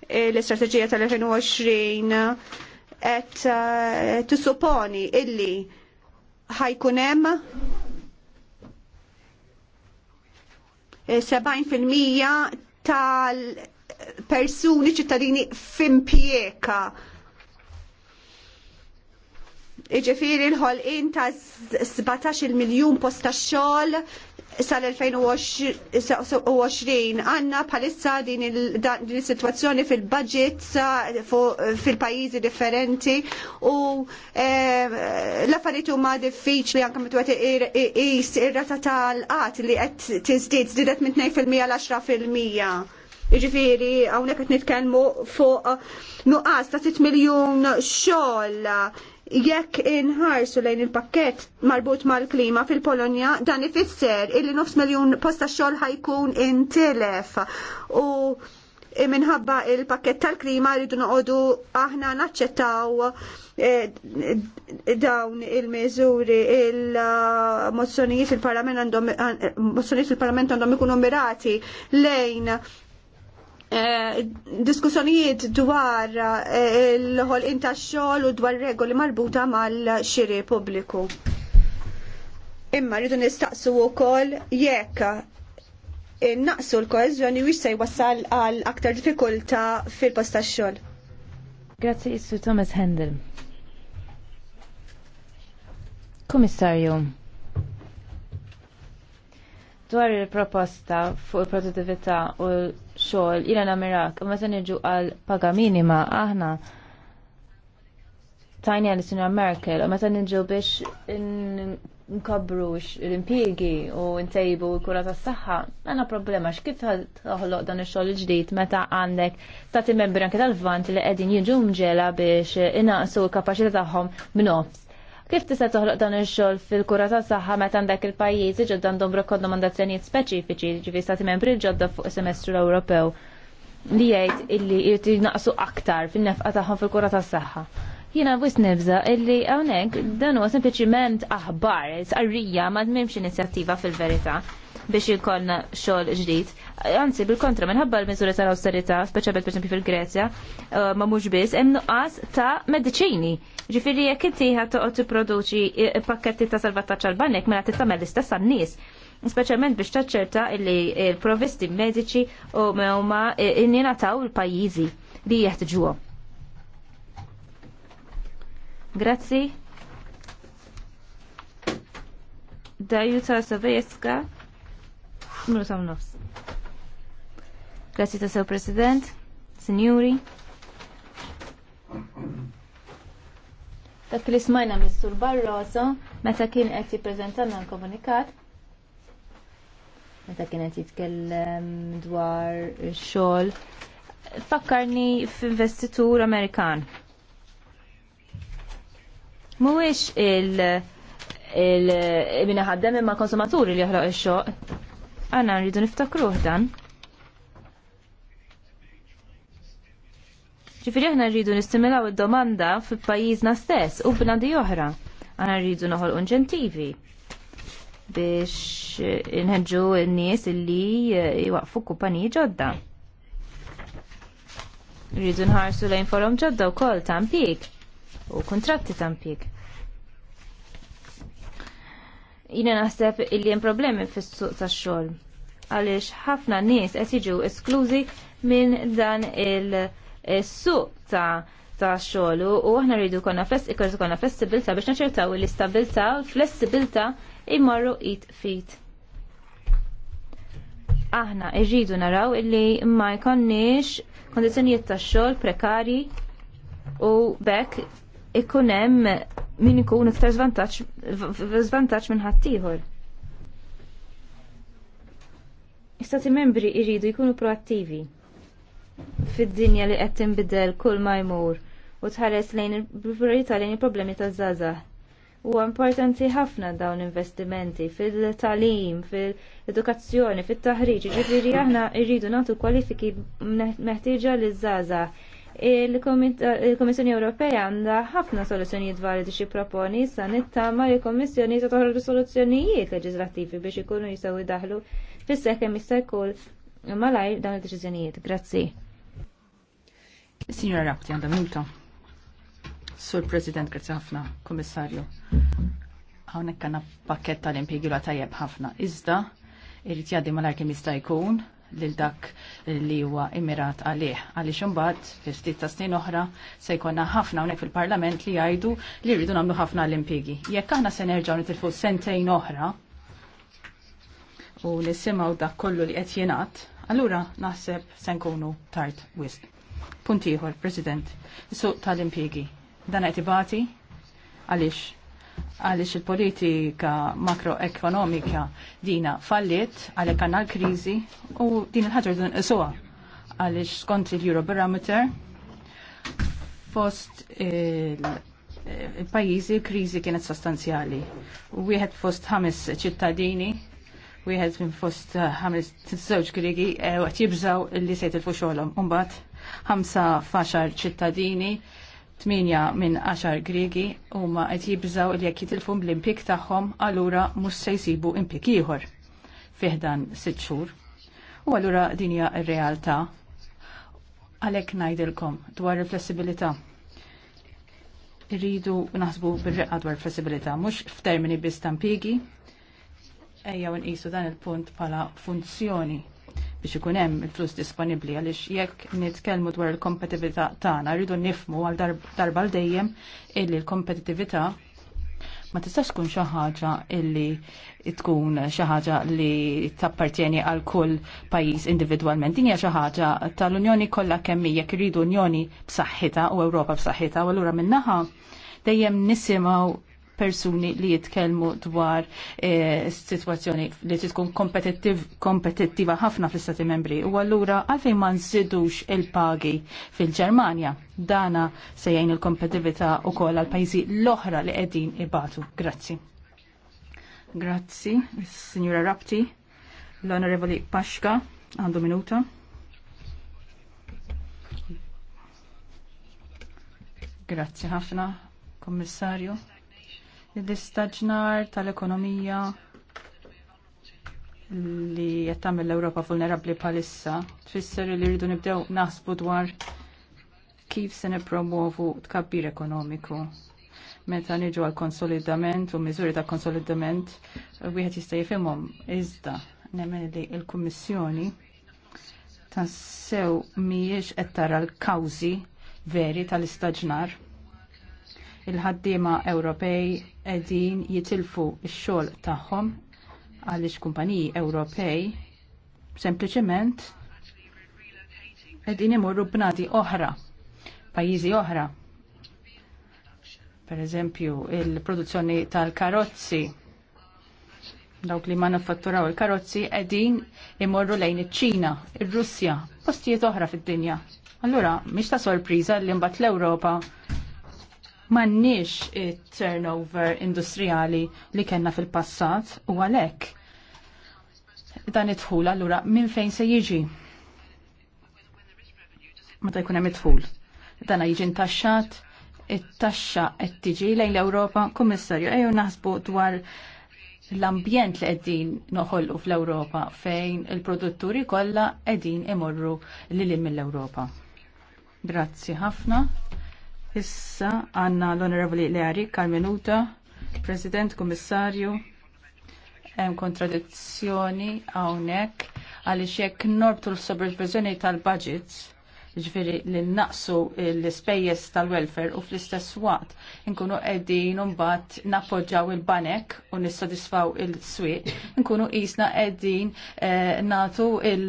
E, L-istrategija tal-2020 et eh, tisupponi illi ħajkunem 70% eh, tal-persuni ċittadini fimpieka. Iġifiri l-ħolqin ta' 17 miljon posta xol sal-2020 għanna palissa din il-situazzjoni fil-budget fil-pajizi differenti u eh, l-affarijiet huma diffiċli anke meta qed iqis ir-rata tal-qat li qed tizdid zidet minn 2% l 10%. Iġifiri, għawnek għet nitkenmu fuq nuqqas ta' 6 miljon xogħol jekk inħarsu lejn il-pakket marbut mal-klima fil-Polonja dan ifisser illi nofs miljon posta xogħol ħajkun intilef u minħabba il-pakket tal-klima rridu noqogħdu aħna naċċettaw eh, dawn il mezuri il-mozzjonijiet il-parlament għandhom eh, mozzjonijiet il-parlament għandhom ikunu mirati lejn Eh, diskussjonijiet dwar eh, l-ħol inta xogħol u dwar regoli marbuta mal-xiri pubbliku. Imma rridu nistaqsu wkoll jekk innaqsu l koezjoni wix se jwassal għal aktar diffikultà fil-post tax-xogħol. Grazzi Issu Thomas Hendel. Komissarju, dwar il-proposta fuq il-produttività u l-xogħol ilha namirak meta niġu għal paga minima aħna tajni għal sinja Merkel u meta niġu biex nkabru l-impjiegi u ntejbu l-kura tas saħħa għandna problema x'kif toħloq dan ix-xogħol ġdid meta għandek stati membri anke tal-vant li qegħdin jiġu mġela biex inaqsu l-kapaċità tagħhom minn Kif tista' toħloq dan ix-xogħol fil-kura ta' saħħa meta għandek il-pajjiżi ġodda għandhom rekomandazzjonijiet speċifiċi ġifi stati membri ġodda fuq semestru Ewropew li jgħid illi jrid naqsu aktar fin-nefqa tagħhom fil-kura tas-saħħa Jiena wis nibża illi hawnhekk dan huwa sempliċiment aħbar, sarrija ma tmimx inizjattiva fil-verità biex jikollna xogħol ġdid. Anzi, bil-kontra, minħabba l-miżuri tal-austerità, speċjalment pereżempju fil-Grezja, uh, ma mhux biss, hemm nuqqas ta' mediċini. Ġifieri jekk inti ħadd toqgħod tipproduċi eh, pakketti ta' salvataġġ għall-banek mela tagħmel l-istess nies speċjalment biex taċċerta li l-provisti mediċi u ma eh, innina taw il-pajizi li jeħtġuhom. Grazzi. Dajuta Sovejeska. Mru sam nofs. Grazzi ta' sew President, Sinjuri. Dak li smajna Mistur Barroso, meta kien qed jippreżentanna l-komunikat, meta kien qed jitkellem dwar xogħol, fakkarni f'investitur Amerikan. Mhuwiex il- il ħaddem imma konsumaturi li joħloq ix xogħol Għana rridu niftakruh dan. Ġifiri aħna rridu nistimilaw id-domanda fi pajizna stess u b'nadi oħra. Għana rridu noħol inċentivi biex inħedġu n-nies illi jwaqfu eh, kumpaniji ġodda. Rridu nħarsu lejn forom ġodda u kol tampik u kontratti tampik jina naħseb illi jem problemi fis-suq tax-xogħol għaliex ħafna nies qed jiġu esklużi minn dan il-suq ta' ta' xogħol u aħna rridu konna fless ikollu konna flessibilta biex naċertaw l-istabilta u l-flessibilta imorru it fit. Aħna irridu naraw illi ma jkonniex kondizzjonijiet ta' xogħol prekari u bekk ikun hemm min ikun iktar żvantaġġ minn ħaddieħor. Istati membri jridu jkunu proattivi fid-dinja li qed tinbidel kull ma jmur u tħares lejn il-priorità lejn il-problemi taż zaza. Huwa importanti ħafna dawn investimenti fil-talim, fil-edukazzjoni, fit-taħriġ, ġifiri aħna rridu nagħtu kwalifiki meħtieġa li zaza Il-Komissjoni Ewropea għandha ħafna soluzzjonijiet validi xi proponi sa nittama li l-Komissjoni se toħroġ soluzzjonijiet leġislattivi biex ikunu jistgħu jdaħlu Fissek seħ kemm jista' jkun malajr dawn id Grazzi. Signora Rapti għandha minuta. Sur President, grazzi ħafna, Kommissarju. Hawnhekk għandna pakket tal la tajjeb ħafna. Iżda irrit jgħaddi malaj kem jista' jkun lil dak li huwa immirat għalih. Għaliex imbagħad fil ftit ta' snin oħra se jkollna ħafna hawnhekk fil-Parlament li jgħidu li rridu nagħmlu ħafna l-impjegi. Jekk aħna se nerġgħu nitilfu sentejn oħra u nisimaw dak kollu li qed jingħad, allura naħseb se nkunu tard wisq. Punt ieħor, President, is-suq tal impiegi Dan qed ibati għaliex għalix il-politika makroekonomika dina falliet għalek għanna l-krizi u din il-ħagġa din suwa għalix skont il-Eurobarometer fost il-pajizi il krizi kienet sostanzjali u wieħed fost ħames ċittadini wieħed minn fost eh, ħames żewġ Griegi eh, waqt jibżaw li se jitilfu xogħolhom. Imbagħad ħamsa faxar ċittadini, tminja minn għaxar Griegi huma qed jibżaw li jekk jitilfu l-impik tagħhom allura mhux se jsibu impik ieħor fiħdan sitt xhur. U allura din hija r-realtà għalhekk ngħidilkom dwar il-flessibilità irridu naħsbu bir-reqqa dwar flessibilità, mhux f'termini biss tampigi, ejja nqisu dan il-punt pala funzjoni biex ikun hemm il-flus disponibbli għaliex jekk nitkellmu dwar il-kompetitività tagħna rridu nifmu għal darba l dejjem illi l-kompetitività ma tistax tkun xi ħaġa illi tkun xi ħaġa li tappartjeni għal kull pajjiż individwalment. Din hija xi ħaġa tal-Unjoni kollha kemm jekk iridu Unjoni b'saħħitha u Ewropa b'saħħitha u allura minnaħa dejjem nisimgħu persuni li jitkellmu dwar e, eh, situazzjoni li tkun kompetittiva ħafna fl-istati membri. U allura għalfejn ma nżidux il-pagi fil-Ġermanja, dana se jgħin il-kompetitività u koll għal pajzi l-oħra li qegħdin ibatu. Grazzi. Grazzi, Signora Rapti, l-Onorevoli Paxka, għandu minuta. Grazzi ħafna, Kommissarju l-istaġnar tal-ekonomija li qed tagħmel l-Ewropa vulnerabbli bħalissa tfisser li rridu nibdew naħsbu dwar kif se nippromovu tkabbir ekonomiku. Meta niġu għal konsolidament u miżuri ta' konsolidament wieħed jista' jifhimhom iżda nemmen li l-Kummissjoni tassew mhijiex qed tara l-kawżi veri tal-istaġnar il-ħaddiema Ewropej qegħdin jitilfu x-xogħol tagħhom għaliex kumpaniji Ewropej sempliċement qegħdin imorru b'nadi oħra, pajjiżi oħra. Per eżempju, il-produzzjoni tal-karozzi dawk li manufatturaw il-karozzi qegħdin imorru lejn iċ-Ċina, ir-Russja, postijiet oħra fid-dinja. Allura, mhix ta' sorpriża li mbagħad l-Ewropa mannix il-turnover industrijali li kena fil-passat u għalek. Dan it-tħul allura minn fejn se jiġi? Meta jkun hemm it-tħul. Dan jiġi ntaxxat, it-taxxa qed tiġi lejn l-Ewropa, Kummissarju, ejju naħsbu dwar l-ambjent li qegħdin noħolqu fl-Ewropa fejn il-produtturi kollha qegħdin imorru lil mill-Ewropa. Grazzi ħafna. Issa għanna l-Onorevoli Leari, kal-minuta, President, Kommissarju, hemm kontradizzjoni hawnhekk għaliex jekk norbtu l-sobrevizjoni tal-budgets ġifiri li naqsu l ispejjeż tal-welfare u fl-istess waqt nkunu qegħdin mbagħad nappoġġaw il-banek u nissodisfaw il-swieq, nkunu qisna qegħdin eh, natu il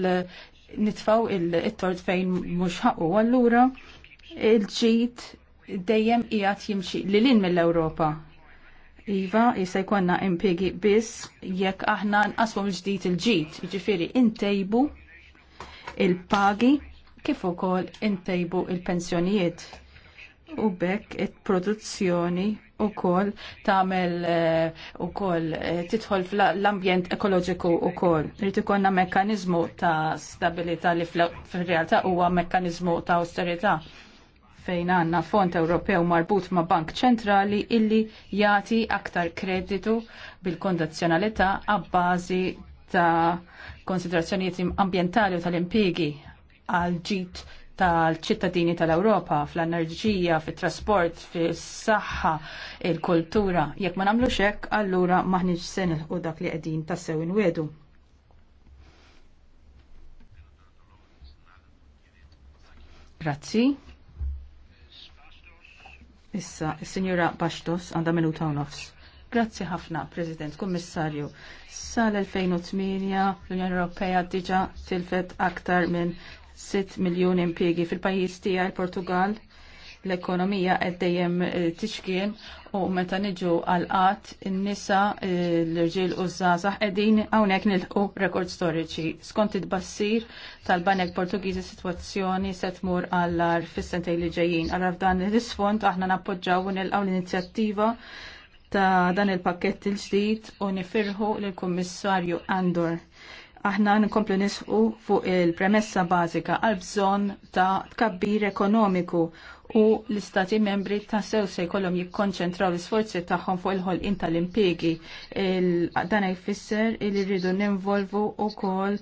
nitfaw il-tort fejn mhux ħaqu allura il-ġid dejjem qiegħed jimxi lilin mill-Ewropa. Iva, jista' jkollna impjegi biss jekk aħna nqasmu ġdid il-ġid, jiġifieri intejbu il-pagi kif ukoll intejbu il-pensjonijiet. U bekk it-produzzjoni u tagħmel tamel eh, u eh, titħol fl-ambjent ekoloġiku u kol. ikollna mekkaniżmu mekkanizmu ta' stabilita li fil-realtà huwa mekkanizmu ta' austerita fejn għanna fond Ewropew marbut ma' Bank Ċentrali illi jati aktar kreditu bil-kondazzjonalità għabbażi ta' konsiderazzjonijiet ambientali u tal impiegi għal ġit tal-ċittadini tal-Ewropa fl-enerġija, fit-trasport, fis-saħħa, il-kultura. Jekk ma nagħmlux hekk, allura maħniġ se u dak li qegħdin tassew wedu. Grazzi. Issa, il-Sinjura Bastos għanda minuta u nofs. Grazzi ħafna, President, Kommissarju. Sal-2008 l-Unjoni Ewropea diġa tilfet aktar minn 6 miljoni impiegi fil-pajjiż tiegħi Portugal l-ekonomija qed dejjem eh, tixkien u meta niġu għal qatt in-nisa eh, l-irġiel u żgħażagħ qegħdin hawnhekk nilħqu rekord storiċi. Skont id-bassir tal-Banek Portugiżi sitwazzjoni se tmur għall fis-sentej li ġejjin. Għal f'dan l-isfond aħna nappoġġaw u nilqgħu l-inizjattiva ta' dan il-pakkett il-ġdid u nifirħu lill-Kummissarju Andor aħna nkomplu nisħu fuq il-premessa bażika għal bżonn ta' tkabbir ekonomiku u l-istati membri ta' sew se jkollhom jikkonċentraw l-isforzi tagħhom fuq il-ħolqien tal impiegi Dan jfisser li rridu ninvolvu wkoll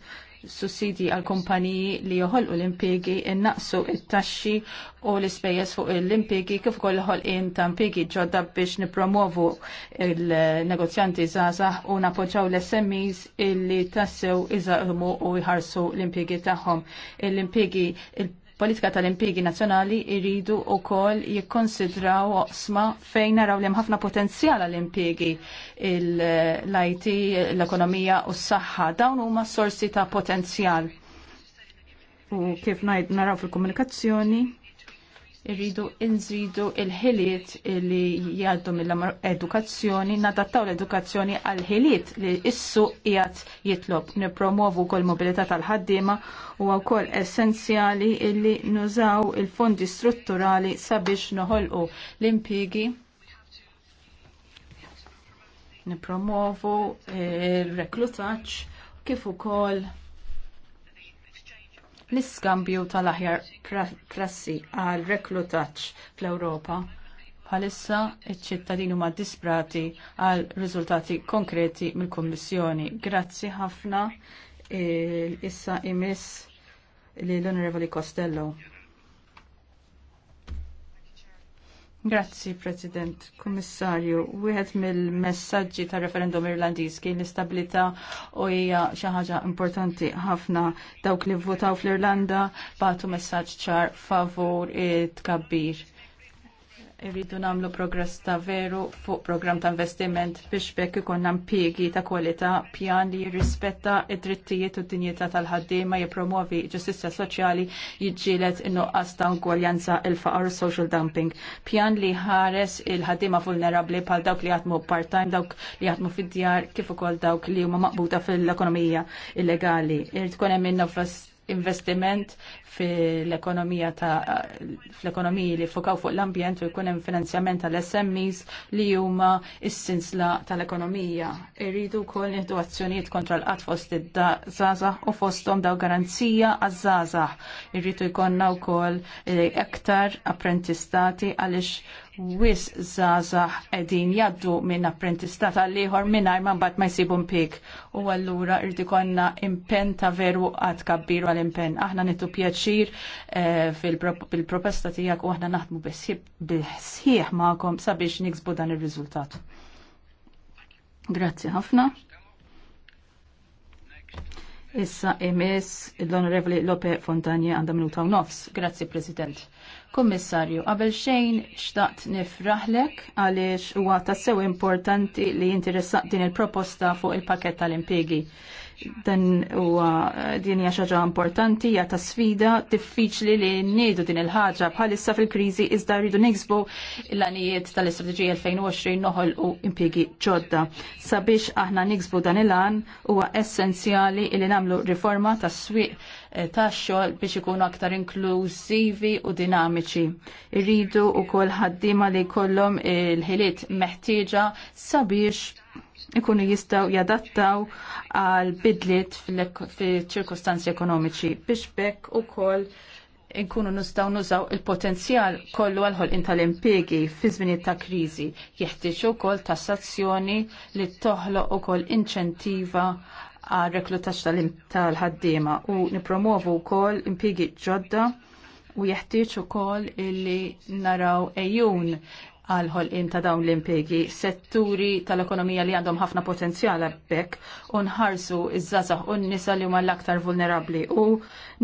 sussidji għal kumpaniji li joħolqu l impiegi innaqsu t taxxi u l-ispejjeż fuq l impiegi kif ukoll ħolqien ta' impiegi ġodda biex nippromovu il-negozjanti żgħażagħ u napoġġaw l-SMEs illi tassew iżaqmu u jħarsu l impiegi tagħhom. l impiegi il politika tal-impigi nazzjonali iridu u kol jikkonsidraw oqsma fejn naraw li ħafna potenzjal għall-impigi l-IT, l-ekonomija u s-saħħa. Dawn huma sorsi ta' potenzjal. U kif naraw fil-komunikazzjoni, irridu inżidu il-ħiliet li jgħaddu mill-edukazzjoni, nadattaw l-edukazzjoni għal-ħiliet li issu jgħat jitlob. Nipromovu kol mobilità tal-ħaddima u għakol essenzjali li nużaw il-fondi strutturali sabiex noħolqu l-impigi nipromovu il-reklutaċ kif ukoll l-iskambju tal-aħjar prassi għal reklutaċ fl-Ewropa. Bħalissa iċ-ċittadini huma disprati għal riżultati konkreti mill-Kummissjoni. Grazzi ħafna issa imiss lill onorevoli Costello. Grazzi, President, Kommissarju. Wieħed mill-messaġġi tar referendum Irlandiż kien l-istabilità u hija xi ħaġa importanti ħafna dawk li votaw fl-Irlanda bagħtu messaġġ ċar favur it-tkabbir Irridu namlu progress ta' veru fuq program ta' investiment biex bekk ikonna impjiegi ta' kwalità pjan li jirrispetta id-drittijiet u d-dinjità tal-ħaddiema jipromuovi ġustizja soċjali jiġġielet in-nuqqas ta' ugwaljanza il-faqar social dumping. Pjan li ħares il-ħaddiema vulnerabbli bħal dawk li jaħdmu part-time, dawk li jaħdmu fid-djar kif ukoll dawk li huma maqbuta fil-ekonomija illegali. Irid tkun hemm investiment fil-ekonomija ta' fl-ekonomiji li fukaw fuq l-ambjent u jkun hemm finanzjament tal-SMEs li huma s-sinsla tal-ekonomija. Irridu wkoll nieħdu azzjonijiet kontra l-qatt fost id-żgħażagħ u fosthom daw garanzija għaż-żgħażagħ. Irridu jkollna wkoll iktar eh, apprentistati għaliex wis zazah edin jaddu minn apprentistat għal-liħor minnar man bat ma jisibu mpik. U għallura irdi konna impen ta' veru għad kabbiru għal-impen. Aħna nittu pjaċir eh, fil-proposta tijak u aħna naħdmu bil-sħiħ ma'kom sabiex niksbu dan il-rizultat. Grazzi ħafna. Issa emis l-Onorevoli Lope Fontanje għandha minuta u nofs. Grazzi, President. Kommissarju, qabel xejn xtaqt nifraħlek għaliex huwa tassew importanti li jinti din il-proposta fuq il-pakett tal-impjegi. Dan huwa din hija xaġa importanti, hija ta' sfida diffiċli li ngħidu din il-ħaġa bħalissa fil-kriżi iżda rridu niksbu l-għanijiet tal-istrateġija 2020 noħolqu impjiegi ġodda. Sabiex aħna niksbu dan il-għan huwa essenzjali li nagħmlu riforma tas-swieq eh, tax-xogħol biex ikunu aktar inklużivi u dinamiċi. Irridu wkoll ħaddiema li jkollhom il-ħiliet meħtieġa sabiex ikunu jistaw jadattaw għal bidliet fil-ċirkostanzi ekonomiċi biex bekk u kol nkunu nistaw nużaw il-potenzjal kollu għalħol tal-impiegi fi żminiet ta' kriżi. Jeħtieġ ukoll tassazzjoni li toħloq ukoll inċentiva għal reklutax tal-ħaddiema u nipromovu wkoll impiegi ġodda u jeħtieġ ukoll illi naraw ejjun għal ħolqien ta' dawn l impegi setturi tal-ekonomija li għandhom ħafna potenzjal għabbek, unħarsu iż-żazax u n-nisa li huma l-aktar vulnerabli u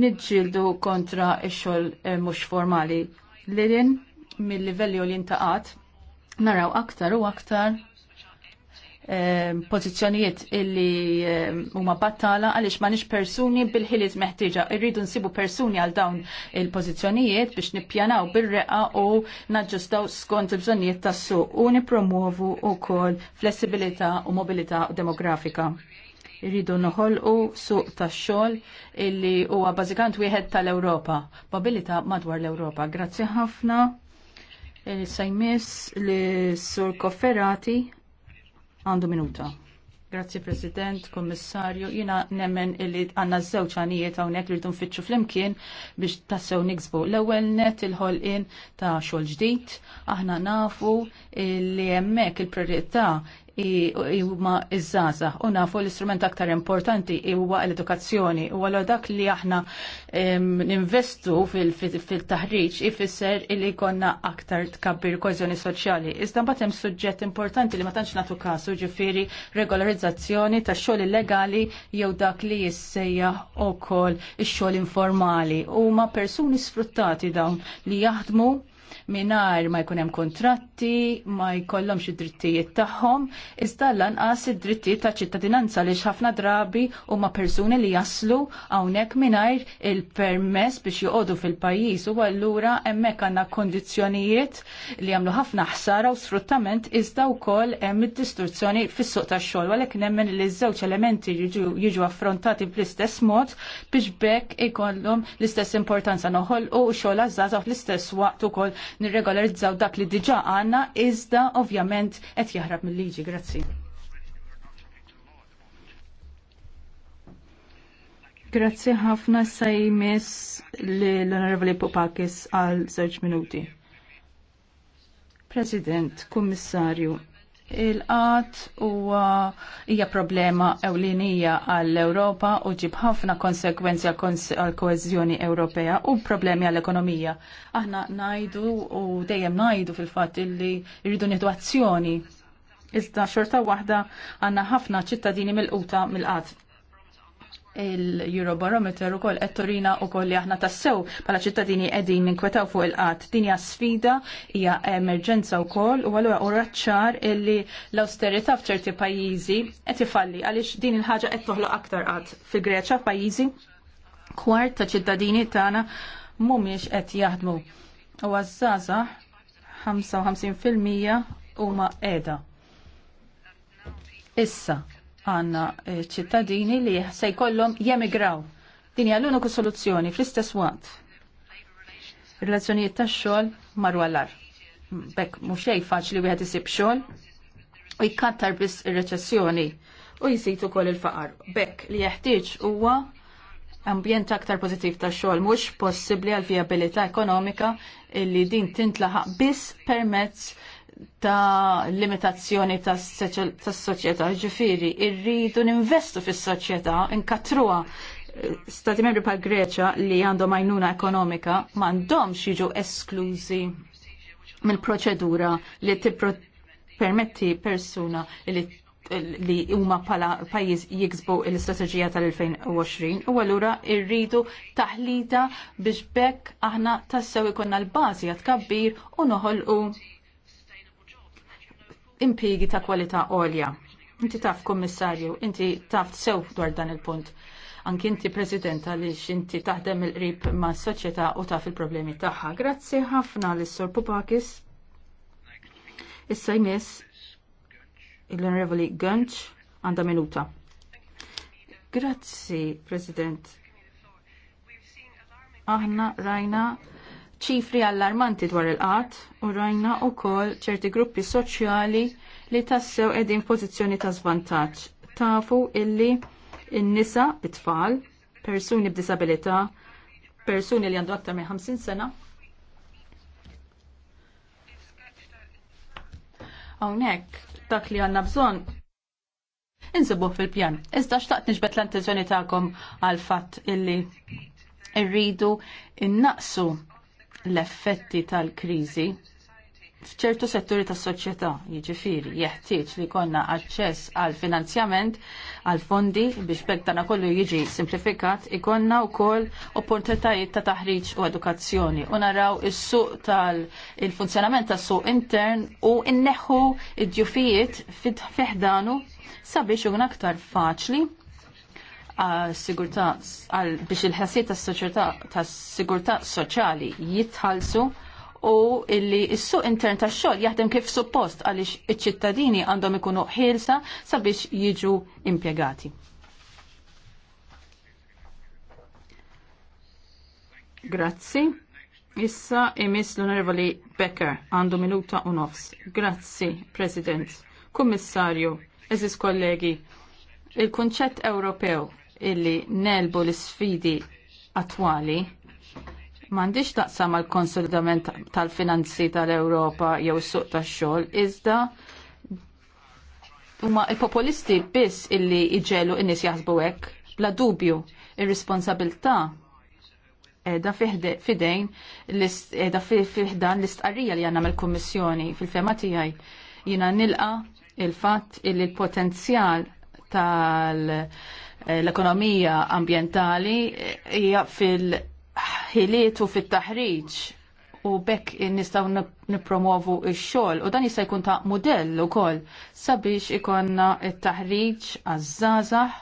nidġildu kontra ix-xogħol eh, mhux formali. Lilin mill-livelli u l-intaqat naraw aktar u aktar Eh, pozizjonijiet illi eh, huma battala għaliex m'għandix persuni bil-ħiliet meħtieġa. Irridu nsibu persuni għal dawn il-pożizzjonijiet biex nippjanaw bir-reqa u naġġustaw skont il-bżonnijiet tas-suq u nippromovu wkoll flessibilità u mobilità demografika. Irridu noħolqu suq tax-xogħol illi huwa bażikant wieħed tal-Ewropa. Mobilità madwar l-Ewropa. Grazzi ħafna. Eh, Sajmis li sur kofferati għandu minuta. Grazzi President, Kommissarju, jina nemmen illi għanna zewċ għanijiet għawnek li rridu nfittxu fl-imkien biex tassew niksbu. L-ewel net il-ħolqin ta' xol ġdijt, aħna nafu li jemmek il-priorità huma iż-żaża u nafu l-istrument aktar importanti huwa l-edukazzjoni u għal dak li aħna ninvestu fil-taħriġ ifisser li jkollna aktar tkabbir kożjoni soċjali. Iżda mbagħad hemm suġġett importanti li ma tantx nagħtu kasu ġifieri regolarizzazzjoni tax-xogħol illegali jew dak li jissejjaħ ukoll ix-xogħol informali. Huma persuni sfruttati dawn li jaħdmu minar ma jkun hemm kontratti, ma jkollhomx id-drittijiet tagħhom, iżda għas id-drittijiet ta' ċittadinanza li ħafna drabi huma persuni li jaslu hawnhekk minar il-permess biex joqogħdu fil-pajjiż u allura hemmhekk għandna kondizjonijiet li għamlu ħafna ħsara u sfruttament iżda wkoll hemm id distruzzjoni fis-suq tax-xogħol għalhekk nemmen li ż-żewġ elementi jiġu affrontati bl-istess mod biex bekk ikollhom l-istess importanza noħolqu u xogħol għażażaw fl-istess waqt ukoll nirregolarizzaw dak li diġa għanna iżda ovvjament qed jaħrab mill-liġi. Grazzi. Grazzi ħafna li l-Onorevoli Popakis għal żewġ minuti. President, Kummissarju, il-qat huwa hija problema ewlenija għall europa u ġib ħafna konsekwenzi għall koeżjoni Ewropea u problemi għall ekonomija Aħna najdu u dejjem najdu fil-fatt illi jridu nieħdu azzjoni. Iżda xorta waħda għandna ħafna ċittadini mill-quta mill qat il-Eurobarometer u koll ettorina u koll li aħna tassew pala ċittadini edin ninkwetaw fuq il-qat. Dinja sfida hija emerġenza u koll u għallu raċċar illi l-austerita fċerti pajizi qed falli għaliex din il-ħaġa qed toħloq aktar qatt. Fil-Greċa pajizi kwart ta' ċittadini tagħna mhumiex qed jaħdmu. U għazzaza 55% huma qiegħda. Issa, għanna eh, ċittadini li se jkollhom jemigraw. Din hija l-uniku soluzzjoni fl-istess waqt. Relazzjonijiet tax-xogħol marwalar. Bekk mhux xejn faċli wieħed isib xogħol u jkattar biss ir-reċessjoni u jisib ukoll il-faqar. Bekk li jeħtieġ huwa ambjent aktar pozittiv tax-xogħol mhux possibbli għal vijabilità ekonomika illi din tintlaħaq biss permezz ta' limitazzjoni tas soċjetà ġifiri, irridu ninvestu fis soċjetà katruwa Stati membri pa' Greċa li għandhom għajnuna ekonomika m'għandhomx jiġu esklużi mill proċedura li permetti persuna li li huma pala pajjiż jiksbu l-istrateġija tal-2020 u allura rridu taħlita biex bekk aħna tassew ikunna l-bażi għat kabbir u noħolqu impigi ta' kwalità għolja. Inti taf, kommissarju, inti taf sew dwar dan il-punt. Anki inti president għaliex inti taħdem il-qrib ma' soċjetà u taf il-problemi tagħha. Grazzi ħafna lis sur Pupakis. Issa jmiss il-Onorevoli Gunch għandha minuta. Grazzi, President. Aħna rajna ċifri allarmanti dwar il-qat u rajna u kol ċerti gruppi soċjali li tassew edin pozizjoni ta' zvantaġġ. Tafu illi n-nisa, it-tfal, persuni b'disabilità, persuni li għandu aktar minn 50 sena, Hawnhekk dak li għandna bżonn insibu fil-pjan. Iżda xtaqt niġbed l-attenzjoni tagħkom għal fatt illi rridu innaqsu l-effetti tal-kriżi f'ċertu setturi tas soċjetà jiġifieri jeħtieġ li jkollna aċċess għal finanzjament għal fondi biex bekk tagħna kollu jiġi simplifikat ikonna wkoll opportunitajiet ta' taħriġ u edukazzjoni u naraw is-suq tal funzjonament tas-suq intern u nneħħu id-djufijiet fiħdanu sabiex ikun aktar faċli għal biex il-ħassiet tas-soċjetà tas-sigurtà soċjali jitħallsu u illi s-suq intern tax-xogħol jaħdem kif suppost għaliex iċ-ċittadini għandhom ikunu ħielsa sabiex jiġu impjegati. Grazzi. Issa imis l-Onorevoli Becker għandu minuta u nofs. Grazzi, President, Kummissarju, eżis kollegi, il-kunċett Ewropew illi nelbu l-sfidi attwali mandiċ taqsam għal konsolidament tal-finanzi tal-Europa jew suq tax-xogħol, iżda huma il-populisti biss illi iġelu n nies jaħsbu hekk. Bla dubju, ir-responsabilità edha fidejn edha fiħdan l-istqarrija li għanna mill-Kummissjoni fil-fema tiegħi jina nilqa il-fatt illi l-potenzjal tal- Eh, l-ekonomija ambjentali eh, hija fil-ħiliet u fit-taħriġ u bekk nistaw nipromovu ix-xogħol u dan jista' jkun ta' modell ukoll sabiex ikonna t taħriġ għaż-żgħażagħ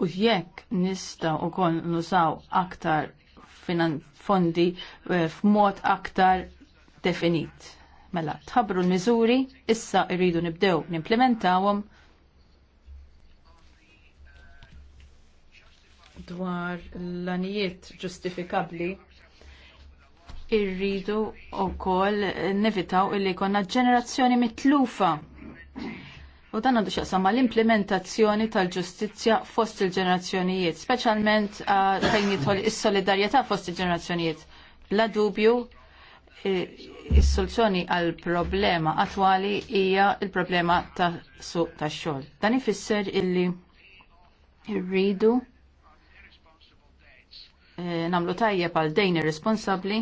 u jekk nistgħu ukoll nusaw aktar fondi eh, f'mod aktar definit. Mela, tħabru l-miżuri, issa irridu nibdew nimplementawhom dwar l-anijiet ġustifikabli irridu wkoll nevitaw illi jkollna ġenerazzjoni mitlufa. U dan għandu xaqsam l implementazzjoni tal-ġustizja fost il-ġenerazzjonijiet, specialment uh, fejn jitħol is-solidarjetà fost il-ġenerazzjonijiet. Bla dubju, eh, il soluzzjoni għal problema attwali hija il-problema ta' suq ta' xogħol. Dan ifisser illi rridu Eh, namlu tajjeb għal dejn irresponsabbli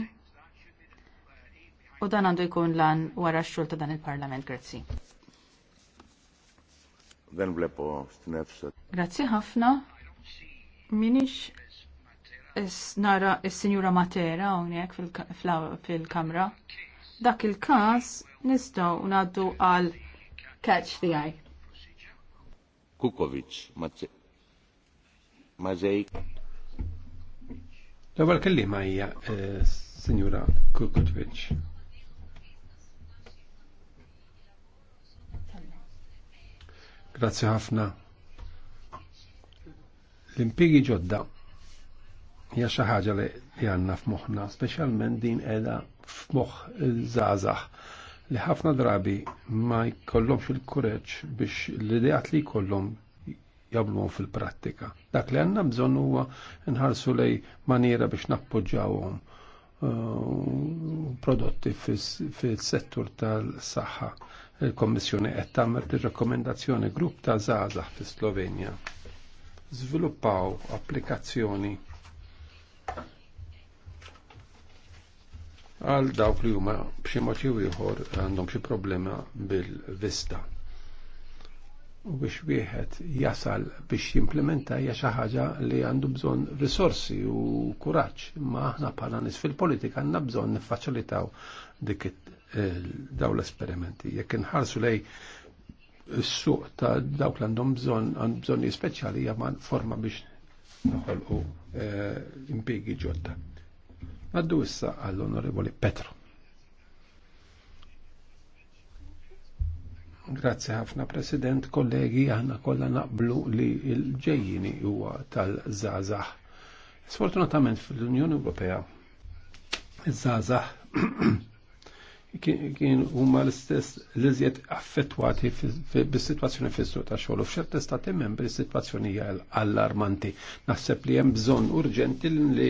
u dan għandu jkun lan wara x-xogħol ta' dan il-Parlament. Grazzi. Dan blepo Grazzi ħafna. Minix nara s-Sinjura Matera hawnhekk fil-Kamra. Dak il-każ nistgħu ngħaddu għal catch the eye. Kukovic, Mazej. L-ewwel kelliema hija eh, Sinjura Kukotovic. Grazzi ħafna. L-impigi ġodda hija xi ħaġa li għandna f'moħħna, speċjalment din qiegħda f'moħħ żgħażagħ li ħafna drabi ma jkollhomx il-kureġġ biex l idejat li jkollhom jablu fil-prattika. Dak li għanna bżon huwa nħarsu lej maniera biex nappoġġawhom uh, prodotti fil-settur tal-saħħa. Il-Kommissjoni qed tagħmel ir-rakkomendazzjoni grupp ta' żgħażagħ fis-Slovenja. Żviluppaw applikazzjoni għal dawk li huma b'xi moċi ieħor għandhom xi problema bil-vista u biex wieħed jasal biex jimplementa hija xi ħaġa li għandu bżonn risorsi u kuraġġ, imma aħna bħala nies fil-politika għandna bżonn niffaċilitaw dik eh, daw l-esperimenti. Jekk inħarsu lej is-suq ta' dawk li għandhom bżonn għand bżonn speċjali hija forma biex noħolqu eh, impjiegi ġodda. Għaddu issa għall-Onorevoli Petro. Grazie ħafna President, kollegi, aħna kollha naqblu li l-ġejjini huwa tal-żgħażagħ. Sfortunatament fil-Unjoni Ewropea iż-żgħażagħ kien huma l-istess li żjed affettwati bis-sitwazzjoni fis-suq ta' xogħol. F'xerti stati membri s-sitwazzjoni hija allarmanti. Naħseb li hemm bżonn urġenti li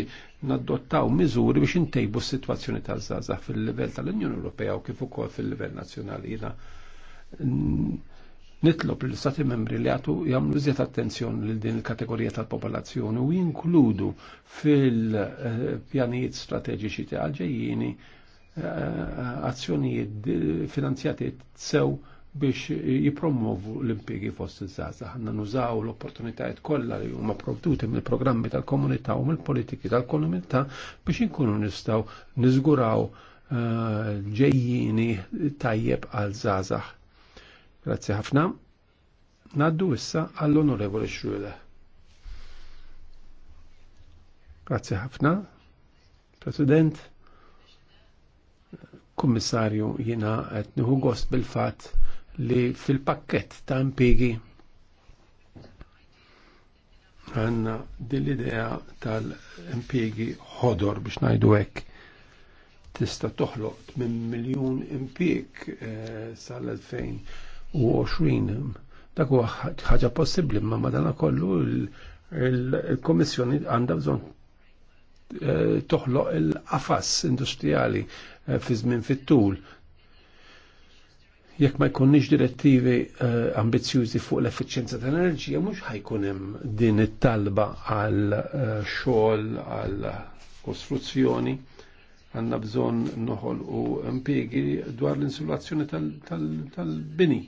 naddottaw miżuri biex intejbu s-sitwazzjoni tal żgħażagħ fil-livell tal-Unjoni Ewropea u kif ukoll fil-livell nazzjonali nitlob l istati membri li għatu jamlu zjet attenzjoni lil din il-kategorija tal-popolazzjoni u jinkludu fil-pjanijiet strateġiċi ta' ġejjini eh, eh, azzjonijiet finanzjati sew biex jipromovu l-impiegi fost iż-żaza. Għanna nużaw l-opportunitajiet kollha li huma provduti mill-programmi tal-komunità u mill-politiki tal-komunità biex inkunu nistgħu niżguraw eh, ġejjini tajjeb għal żazax Grazzi ħafna. Naddu issa għall onorevole Schröder. Grazzi ħafna. President, Kummissarju, jina qed nieħu gost bil-fatt li fil-pakket ta' impigi għanna dill idea tal-impigi ħodor biex najdu hekk tista' toħloq 8 miljun impik eh, sal-2000 20. Dak huwa ħaġa possibbli, ma madana kollu il-Komissjoni għandha bżonn eh, toħloq il-qafas industrijali eh, fi żmien fit-tul. Jekk ma jkunniex direttivi eh, ambizjużi fuq l-effiċjenza ta' enerġija, mhux ħajkun hemm din it-talba għal xogħol għal kostruzzjoni għandna bżonn noħol u impiegi dwar l-insulazzjoni tal-bini.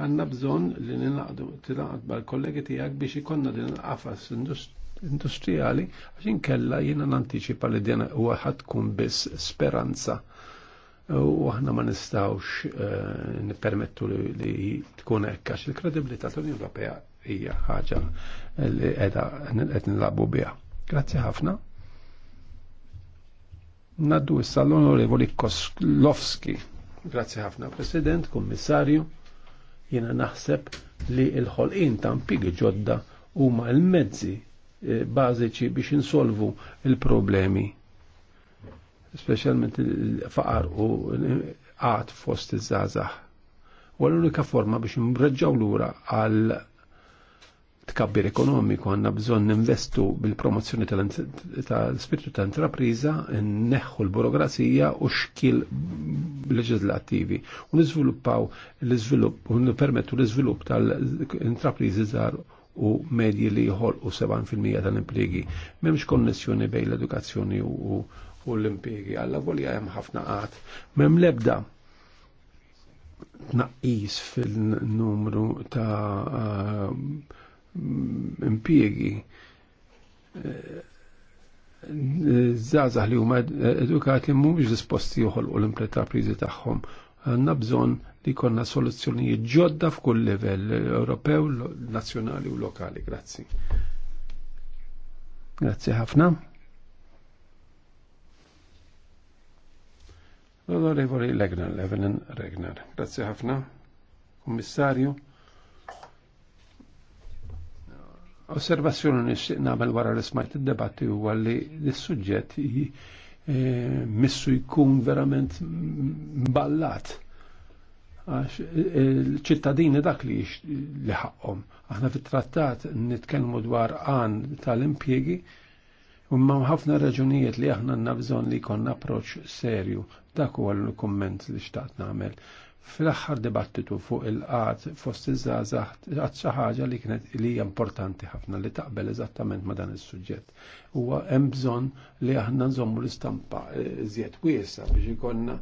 Għanna bżon li ninaqdu tinaqdu bħal kollegi tijak biex ikonna din l-qafas industrijali għax kella jina n-anticipa li din u għahat kun bis speranza u aħna ma nistawx eh, nipermettu li tkun ekk għax il kredibilita tal-Unjoni Ewropea hija ħaġa li qiegħda qed nilagħbu biha. Grazzi ħafna. Naddu issa l-Onorevoli Koslowski. Grazzi ħafna President, Kummissarju. Jena naħseb li l-ħolqin ta' impigi ġodda huma l-mezzi eh, bażiċi biex insolvu il-problemi specialment il-faqar u għad fost iż-żazax. U l-unika forma biex l lura għal tkabbir ekonomiku għanna bżon ninvestu bil-promozzjoni tal spirtu ta' intrapriza, neħħu l-burokrazija u xkil leġislattivi u nizviluppaw l-izvilupp u nipermettu l-izvilupp tal-intraprizi zar u medji li jħolqu 7% tal-impjegi. M'hemmx konnessjoni bejn l-edukazzjoni u l-impjegi. Alla volja hemm ħafna qatt. M'hemm lebda tnaqqis fil-numru ta' impiegi eh, zazah li huma edukati mhumiex disposti joħolqu l-intrepriżi tagħhom. Għandna bżonn li konna soluzzjonijiet ġodda f'kull livell eh, Ewropew, nazzjonali u lokali. Grazzi. Grazzi ħafna. L-Onorevoli Legner, Levenin Regner. Grazzi ħafna. Kommissarju. Osservazzjoni nixtieq nagħmel wara li smajt id-debatti huwa li l-suġġett eh, missu jkun verament mballat għax il-ċittadini eh, dak li li ħaqhom. Aħna fit-trattat nitkellmu dwar għan tal u imma ħafna raġunijiet li aħna għandna bżonn li jkollna approċċ serju. Dak huwa l-kumment li xtaqt nagħmel fl-aħħar dibattitu fuq il-qat fost iż-żgħażagħ qatt ħaġa li kienet li hija importanti ħafna li taqbel eżattament ma' dan is-suġġett. Huwa hemm bżonn li aħna nżommu l-istampa eh, żjed wiesa biex ikonna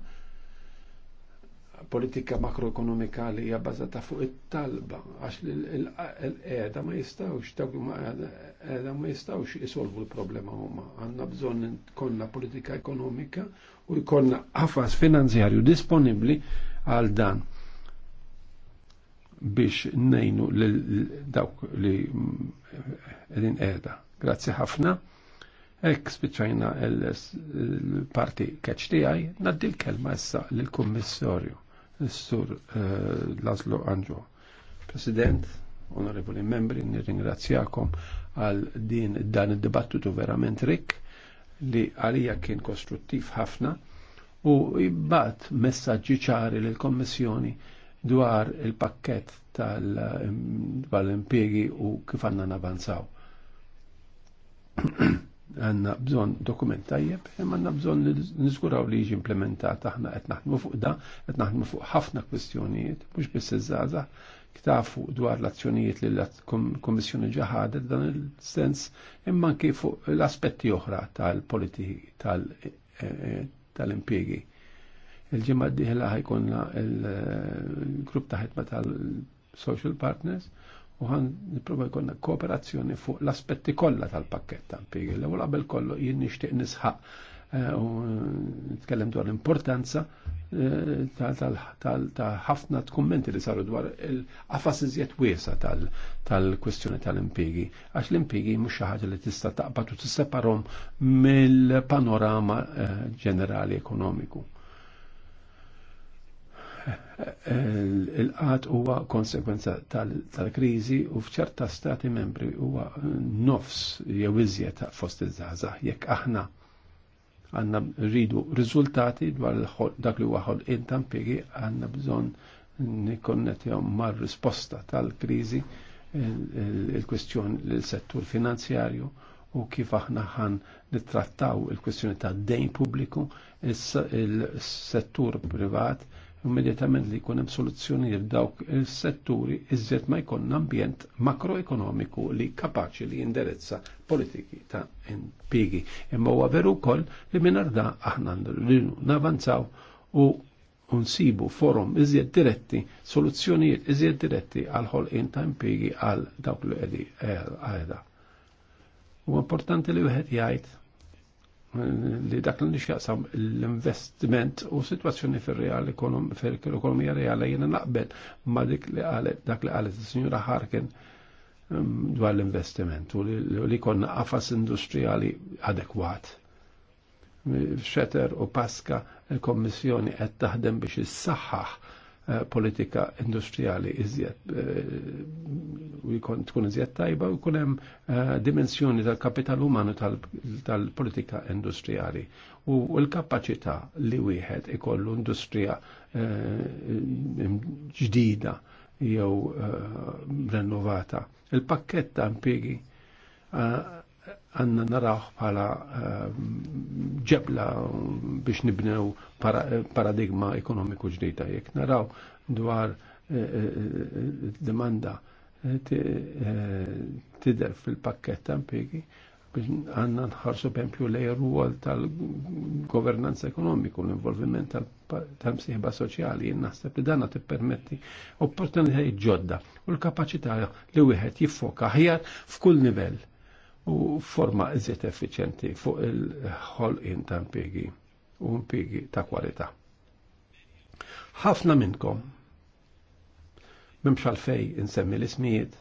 politika makroekonomika li hija bbażata fuq it-talba għax l qeda ma jistgħux qiegħda ma jistgħux isolvu l-problema huma. Għandna bżonn kollha politika ekonomika u jkollna ħafas finanzjarju disponibbli għal dan biex nejnu l-dawk li edin edha. Grazzi ħafna. Ek spiċajna l-parti keċ tijaj, naddi l-kelma issa l-kommissarju, s-sur eh, Laszlo Anġo. President, onorevoli membri, nirringrazzjakom għal din dan id-dibattitu verament rik li għalija kien kostruttiv ħafna u jibbat messaġġi ċari l kommissjoni dwar il-pakket tal-impiegi u kif għanna navanzaw. Għanna bżon dokument tajjeb, imma għanna bżon nizguraw li jiġi implementata aħna qed naħdmu fuq da, qed naħdmu fuq ħafna kwistjonijiet, mhux biss iż-żgħażagħ, ktafu dwar l-azzjonijiet li l-Kommissjoni ġaħadet dan il-sens imman kif fuq l-aspetti oħra tal-politiki tal e, e, tal impiegi Il-ġimma diħla ħajkunna il-grupp ta' tal-social partners u għan niprofa jkunna kooperazzjoni fuq l-aspetti kollha tal-pakket tal impiegi L-ewwel qabel kollu jien nixtieq nisħaq Eh, u nitkellem dwar l-importanza eh, ta' ħafna t-kommenti li saru dwar il-qafas iżjed wiesa tal-kwestjoni tal-impigi. Għax l-impigi mhux xi ħaġa li tista' taqbat u tisseparhom mill-panorama eh, ġenerali ekonomiku. Il-qat huwa konsekwenza tal-kriżi u f'ċerta stati membri huwa nofs jew iżjed fost iż-żgħażagħ jekk aħna għanna rridu riżultati dwar dak li waħol intam pigi għanna bżonn nikkonnettjhom mar-risposta tal-kriżi il-kwestjoni l-settur finanzjarju u kif aħna ħan nittrattaw il-kwestjoni ta' dejn pubbliku, il-settur privat, immediatament li jkun hemm soluzzjonijiet dawk is-setturi iżjed ma jkollna ambjent makroekonomiku li kapaċi li jindirezza politiki ta' impigi. Imma huwa veru wkoll li mingħajr da aħna navanzaw u unsibu forum iżjed diretti, soluzzjonijiet iżjed diretti għal ħolqien ta' impigi għal dawk li qegħdi eh, għajda. U importanti li wieħed jgħid li dak li nixjaqsam l-investiment u situazzjoni fil-real fil-ekonomija reali jena naqbel ma dik li għalet dak li għalet il-signora Harkin um, dwar l-investiment u li konna għafas industriali adekwat. Xeter u Paska il-Kommissjoni qed taħdem biex issaħħaħ Eh, politika industrijali iżjed eh, u jkun tkun iżjed tajba u jkun hemm eh, dimensjoni tal-kapital umanu tal-politika industrijali u l-kapaċità li wieħed ikollu industrija ġdida jew renovata. Il-pakket ta' impjegi għanna naraħ bħala eh, ġebla biex nibnew paradigma ekonomiku ġdita. Jek naraw dwar eh, eh, demanda tider fil-pakket tampigi biex għanna nħarsu pempju lej ruol tal-governanza ekonomiku, l-involviment tal-msieħba soċjali, naħseb li danna tippermetti opportunitajiet ġodda u l-kapacità li wieħed jiffoka ħjar f'kull nivell u forma iżiet effiċenti fuq il-ħolqin ta' impjegi u impjegi ta' kwalità. Ħafna minnkom m'hemmx għalfej insemmi l-ismijiet,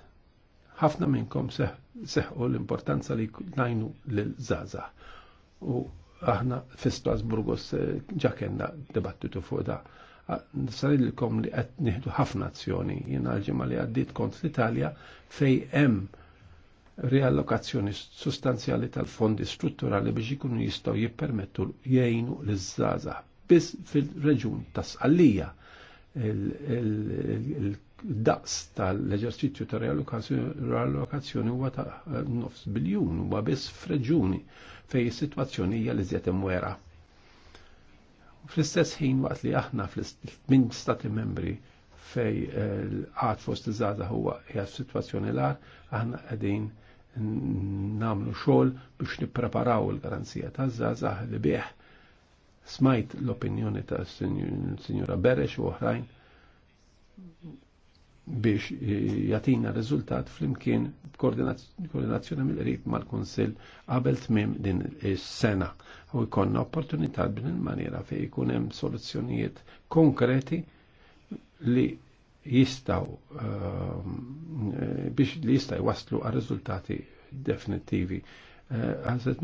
ħafna minnkom seħħu l-importanza li najnu l-żaza. U aħna fi Burgos ġa kellna dibattitu fuq da. Nisalilkom li qed nieħdu ħafna azzjoni. Jien għal-ġimgħa li għaddiet kont l-Italja fej hemm riallokazzjoni sustanzjali tal-fondi strutturali biex ikunu jistgħu jippermettu jgħinu l-żaza biss fil-reġun tas-qallija il-daqs tal-eġerċizzju ta' riallokazzjoni huwa ta' nofs biljun huwa biss f'reġuni fej is-sitwazzjoni hija li żjed imwera. Fl-istess ħin waqt li aħna fl-min stati membri fej eh, l-qat fost iż-żgħażagħ huwa hija situazzjoni l għar aħna qegħdin namlu xogħol biex nippreparaw il-garanzija ta' zazah li bieħ. Smajt l-opinjoni ta' Signora Beresh u oħrajn biex jatina riżultat flimkien koordinazzjoni mill-qrib mal-Kunsill qabel tmiem din is-sena u jkollna opportunità b'din il-maniera fejn ikun hemm soluzzjonijiet konkreti li jistaw ehm, eh, biex li jistaw waslu għal riżultati definitivi. Eh, Għazet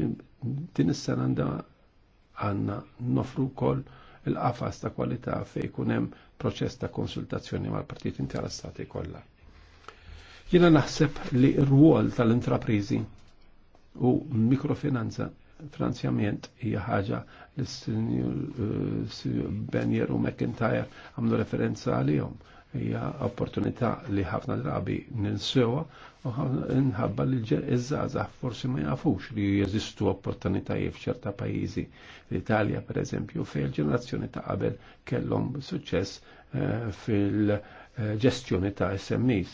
din is-sena għanna nofru kol il-qafas ta' kwalità fej kunem proċess ta' konsultazzjoni mal partit interessati kollha. Jiena naħseb li r-ruol tal-intraprizi u mikrofinanza finanzjament hija ħaġa li s-Benjer eh, u McIntyre għamlu referenza għalihom hija opportunità li ħafna drabi ninsewa u nħabba li iż forsi ma jafux li jeżistu opportunitajiet f'ċerta pajjiżi. L-Italja pereżempju fejn il-ġenerazzjoni ta' qabel kellhom suċċess eh, fil-ġestjoni ta' SMEs.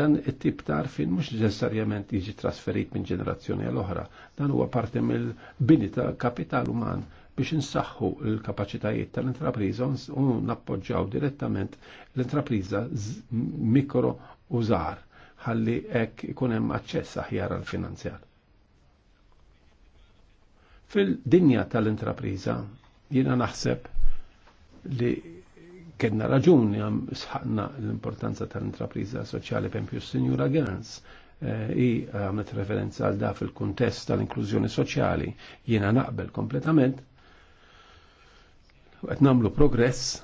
Dan it-tip ta' arfin mhux neċessarjament jiġi trasferit minn ġenerazzjoni għal oħra. Dan huwa parti mill-bini ta' kapital uman biex insaħħu l-kapaċitajiet tal-intrapriża u nappoġġaw direttament l-intrapriża mikro u ħalli hekk ikun hemm aċċess aħjar għal finanzjar. Fil-dinja tal-intrapriża jiena naħseb li kedna raġun jam sħaqna l-importanza tal-intrapriza soċjali pempju s-Sinjura Gerns. Eh, I għamlet referenza għal da fil-kontest tal-inklużjoni soċjali jiena naqbel kompletament qed nagħmlu progress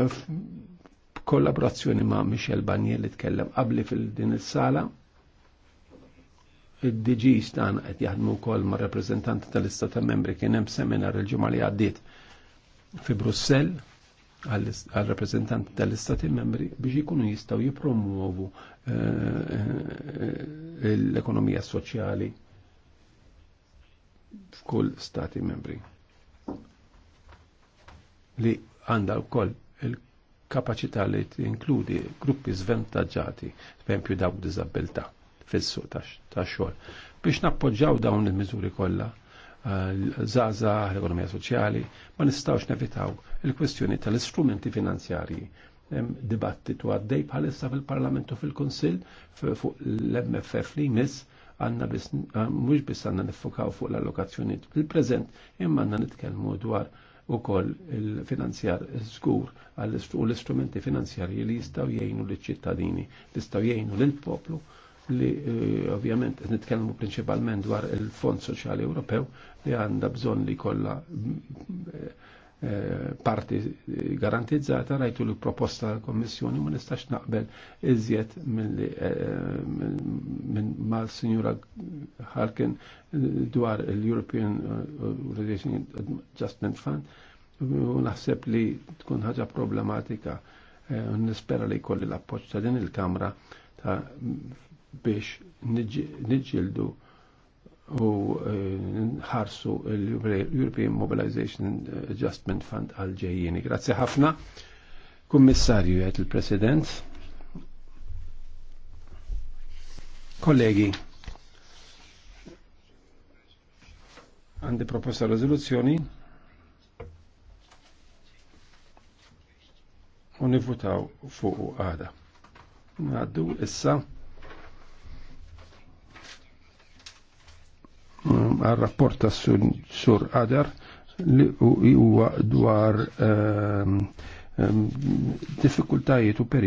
eh, kollaborazzjoni ma' Michel Barnier li tkellem qabli fil-din is-sala. Id-DG stan qed jaħdmu wkoll ma' rappreżentanti tal-Istata Membri kien hemm seminar il-ġimgħa li għaddiet fi Brussell għal rappresentanti tal-istati membri biex ikunu jistaw jipromuovu eh, eh, l-ekonomija soċjali f'kull stati membri li għandha wkoll il-kapaċità li tinkludi gruppi zventaġġati, pereżempju dawk diżabilità fis-suq tax-xogħol. Biex nappoġġaw dawn il-miżuri kollha, zaza, eh, l-ekonomija soċjali, ma nistawx nevitaw il-kwestjoni tal-istrumenti finanzjarji. Dibattitu għaddej bħalissa fil-Parlamentu fil-Konsil fuq l-MFF li jmiss għanna mux biss għanna nifokaw fuq l-allokazzjoni fil-prezent imma għanna nitkelmu dwar u koll il-finanzjar zgur u l-istrumenti finanzjarji li jistaw jgħinu li ċittadini, li jistaw jgħinu l poplu li eh, ovvjament nitkellmu prinċipalment dwar il-Fond Soċjali Ewropew li għandha bżonn li kollha eh, Eh, parti eh, garantizzata rajtu li proposta l-Kommissjoni ma nistax naqbel iżjed eh, minn ma l-Sinjura Harkin dwar l-European Relation Adjustment Fund u naħseb li tkun ħaġa problematika nispera li kolli l-appoċ ta' din il-Kamra ta' biex nġildu u eh, ħarsu l-European Mobilization Adjustment Fund għal-ġejjini. Grazie ħafna. Kummissarju għet il-President. Kollegi, għandi proposta rezoluzzjoni u fuq għada. Għaddu issa għal-rapport sur għadar li huwa dwar ehm, ehm, diffikultajiet u perikli.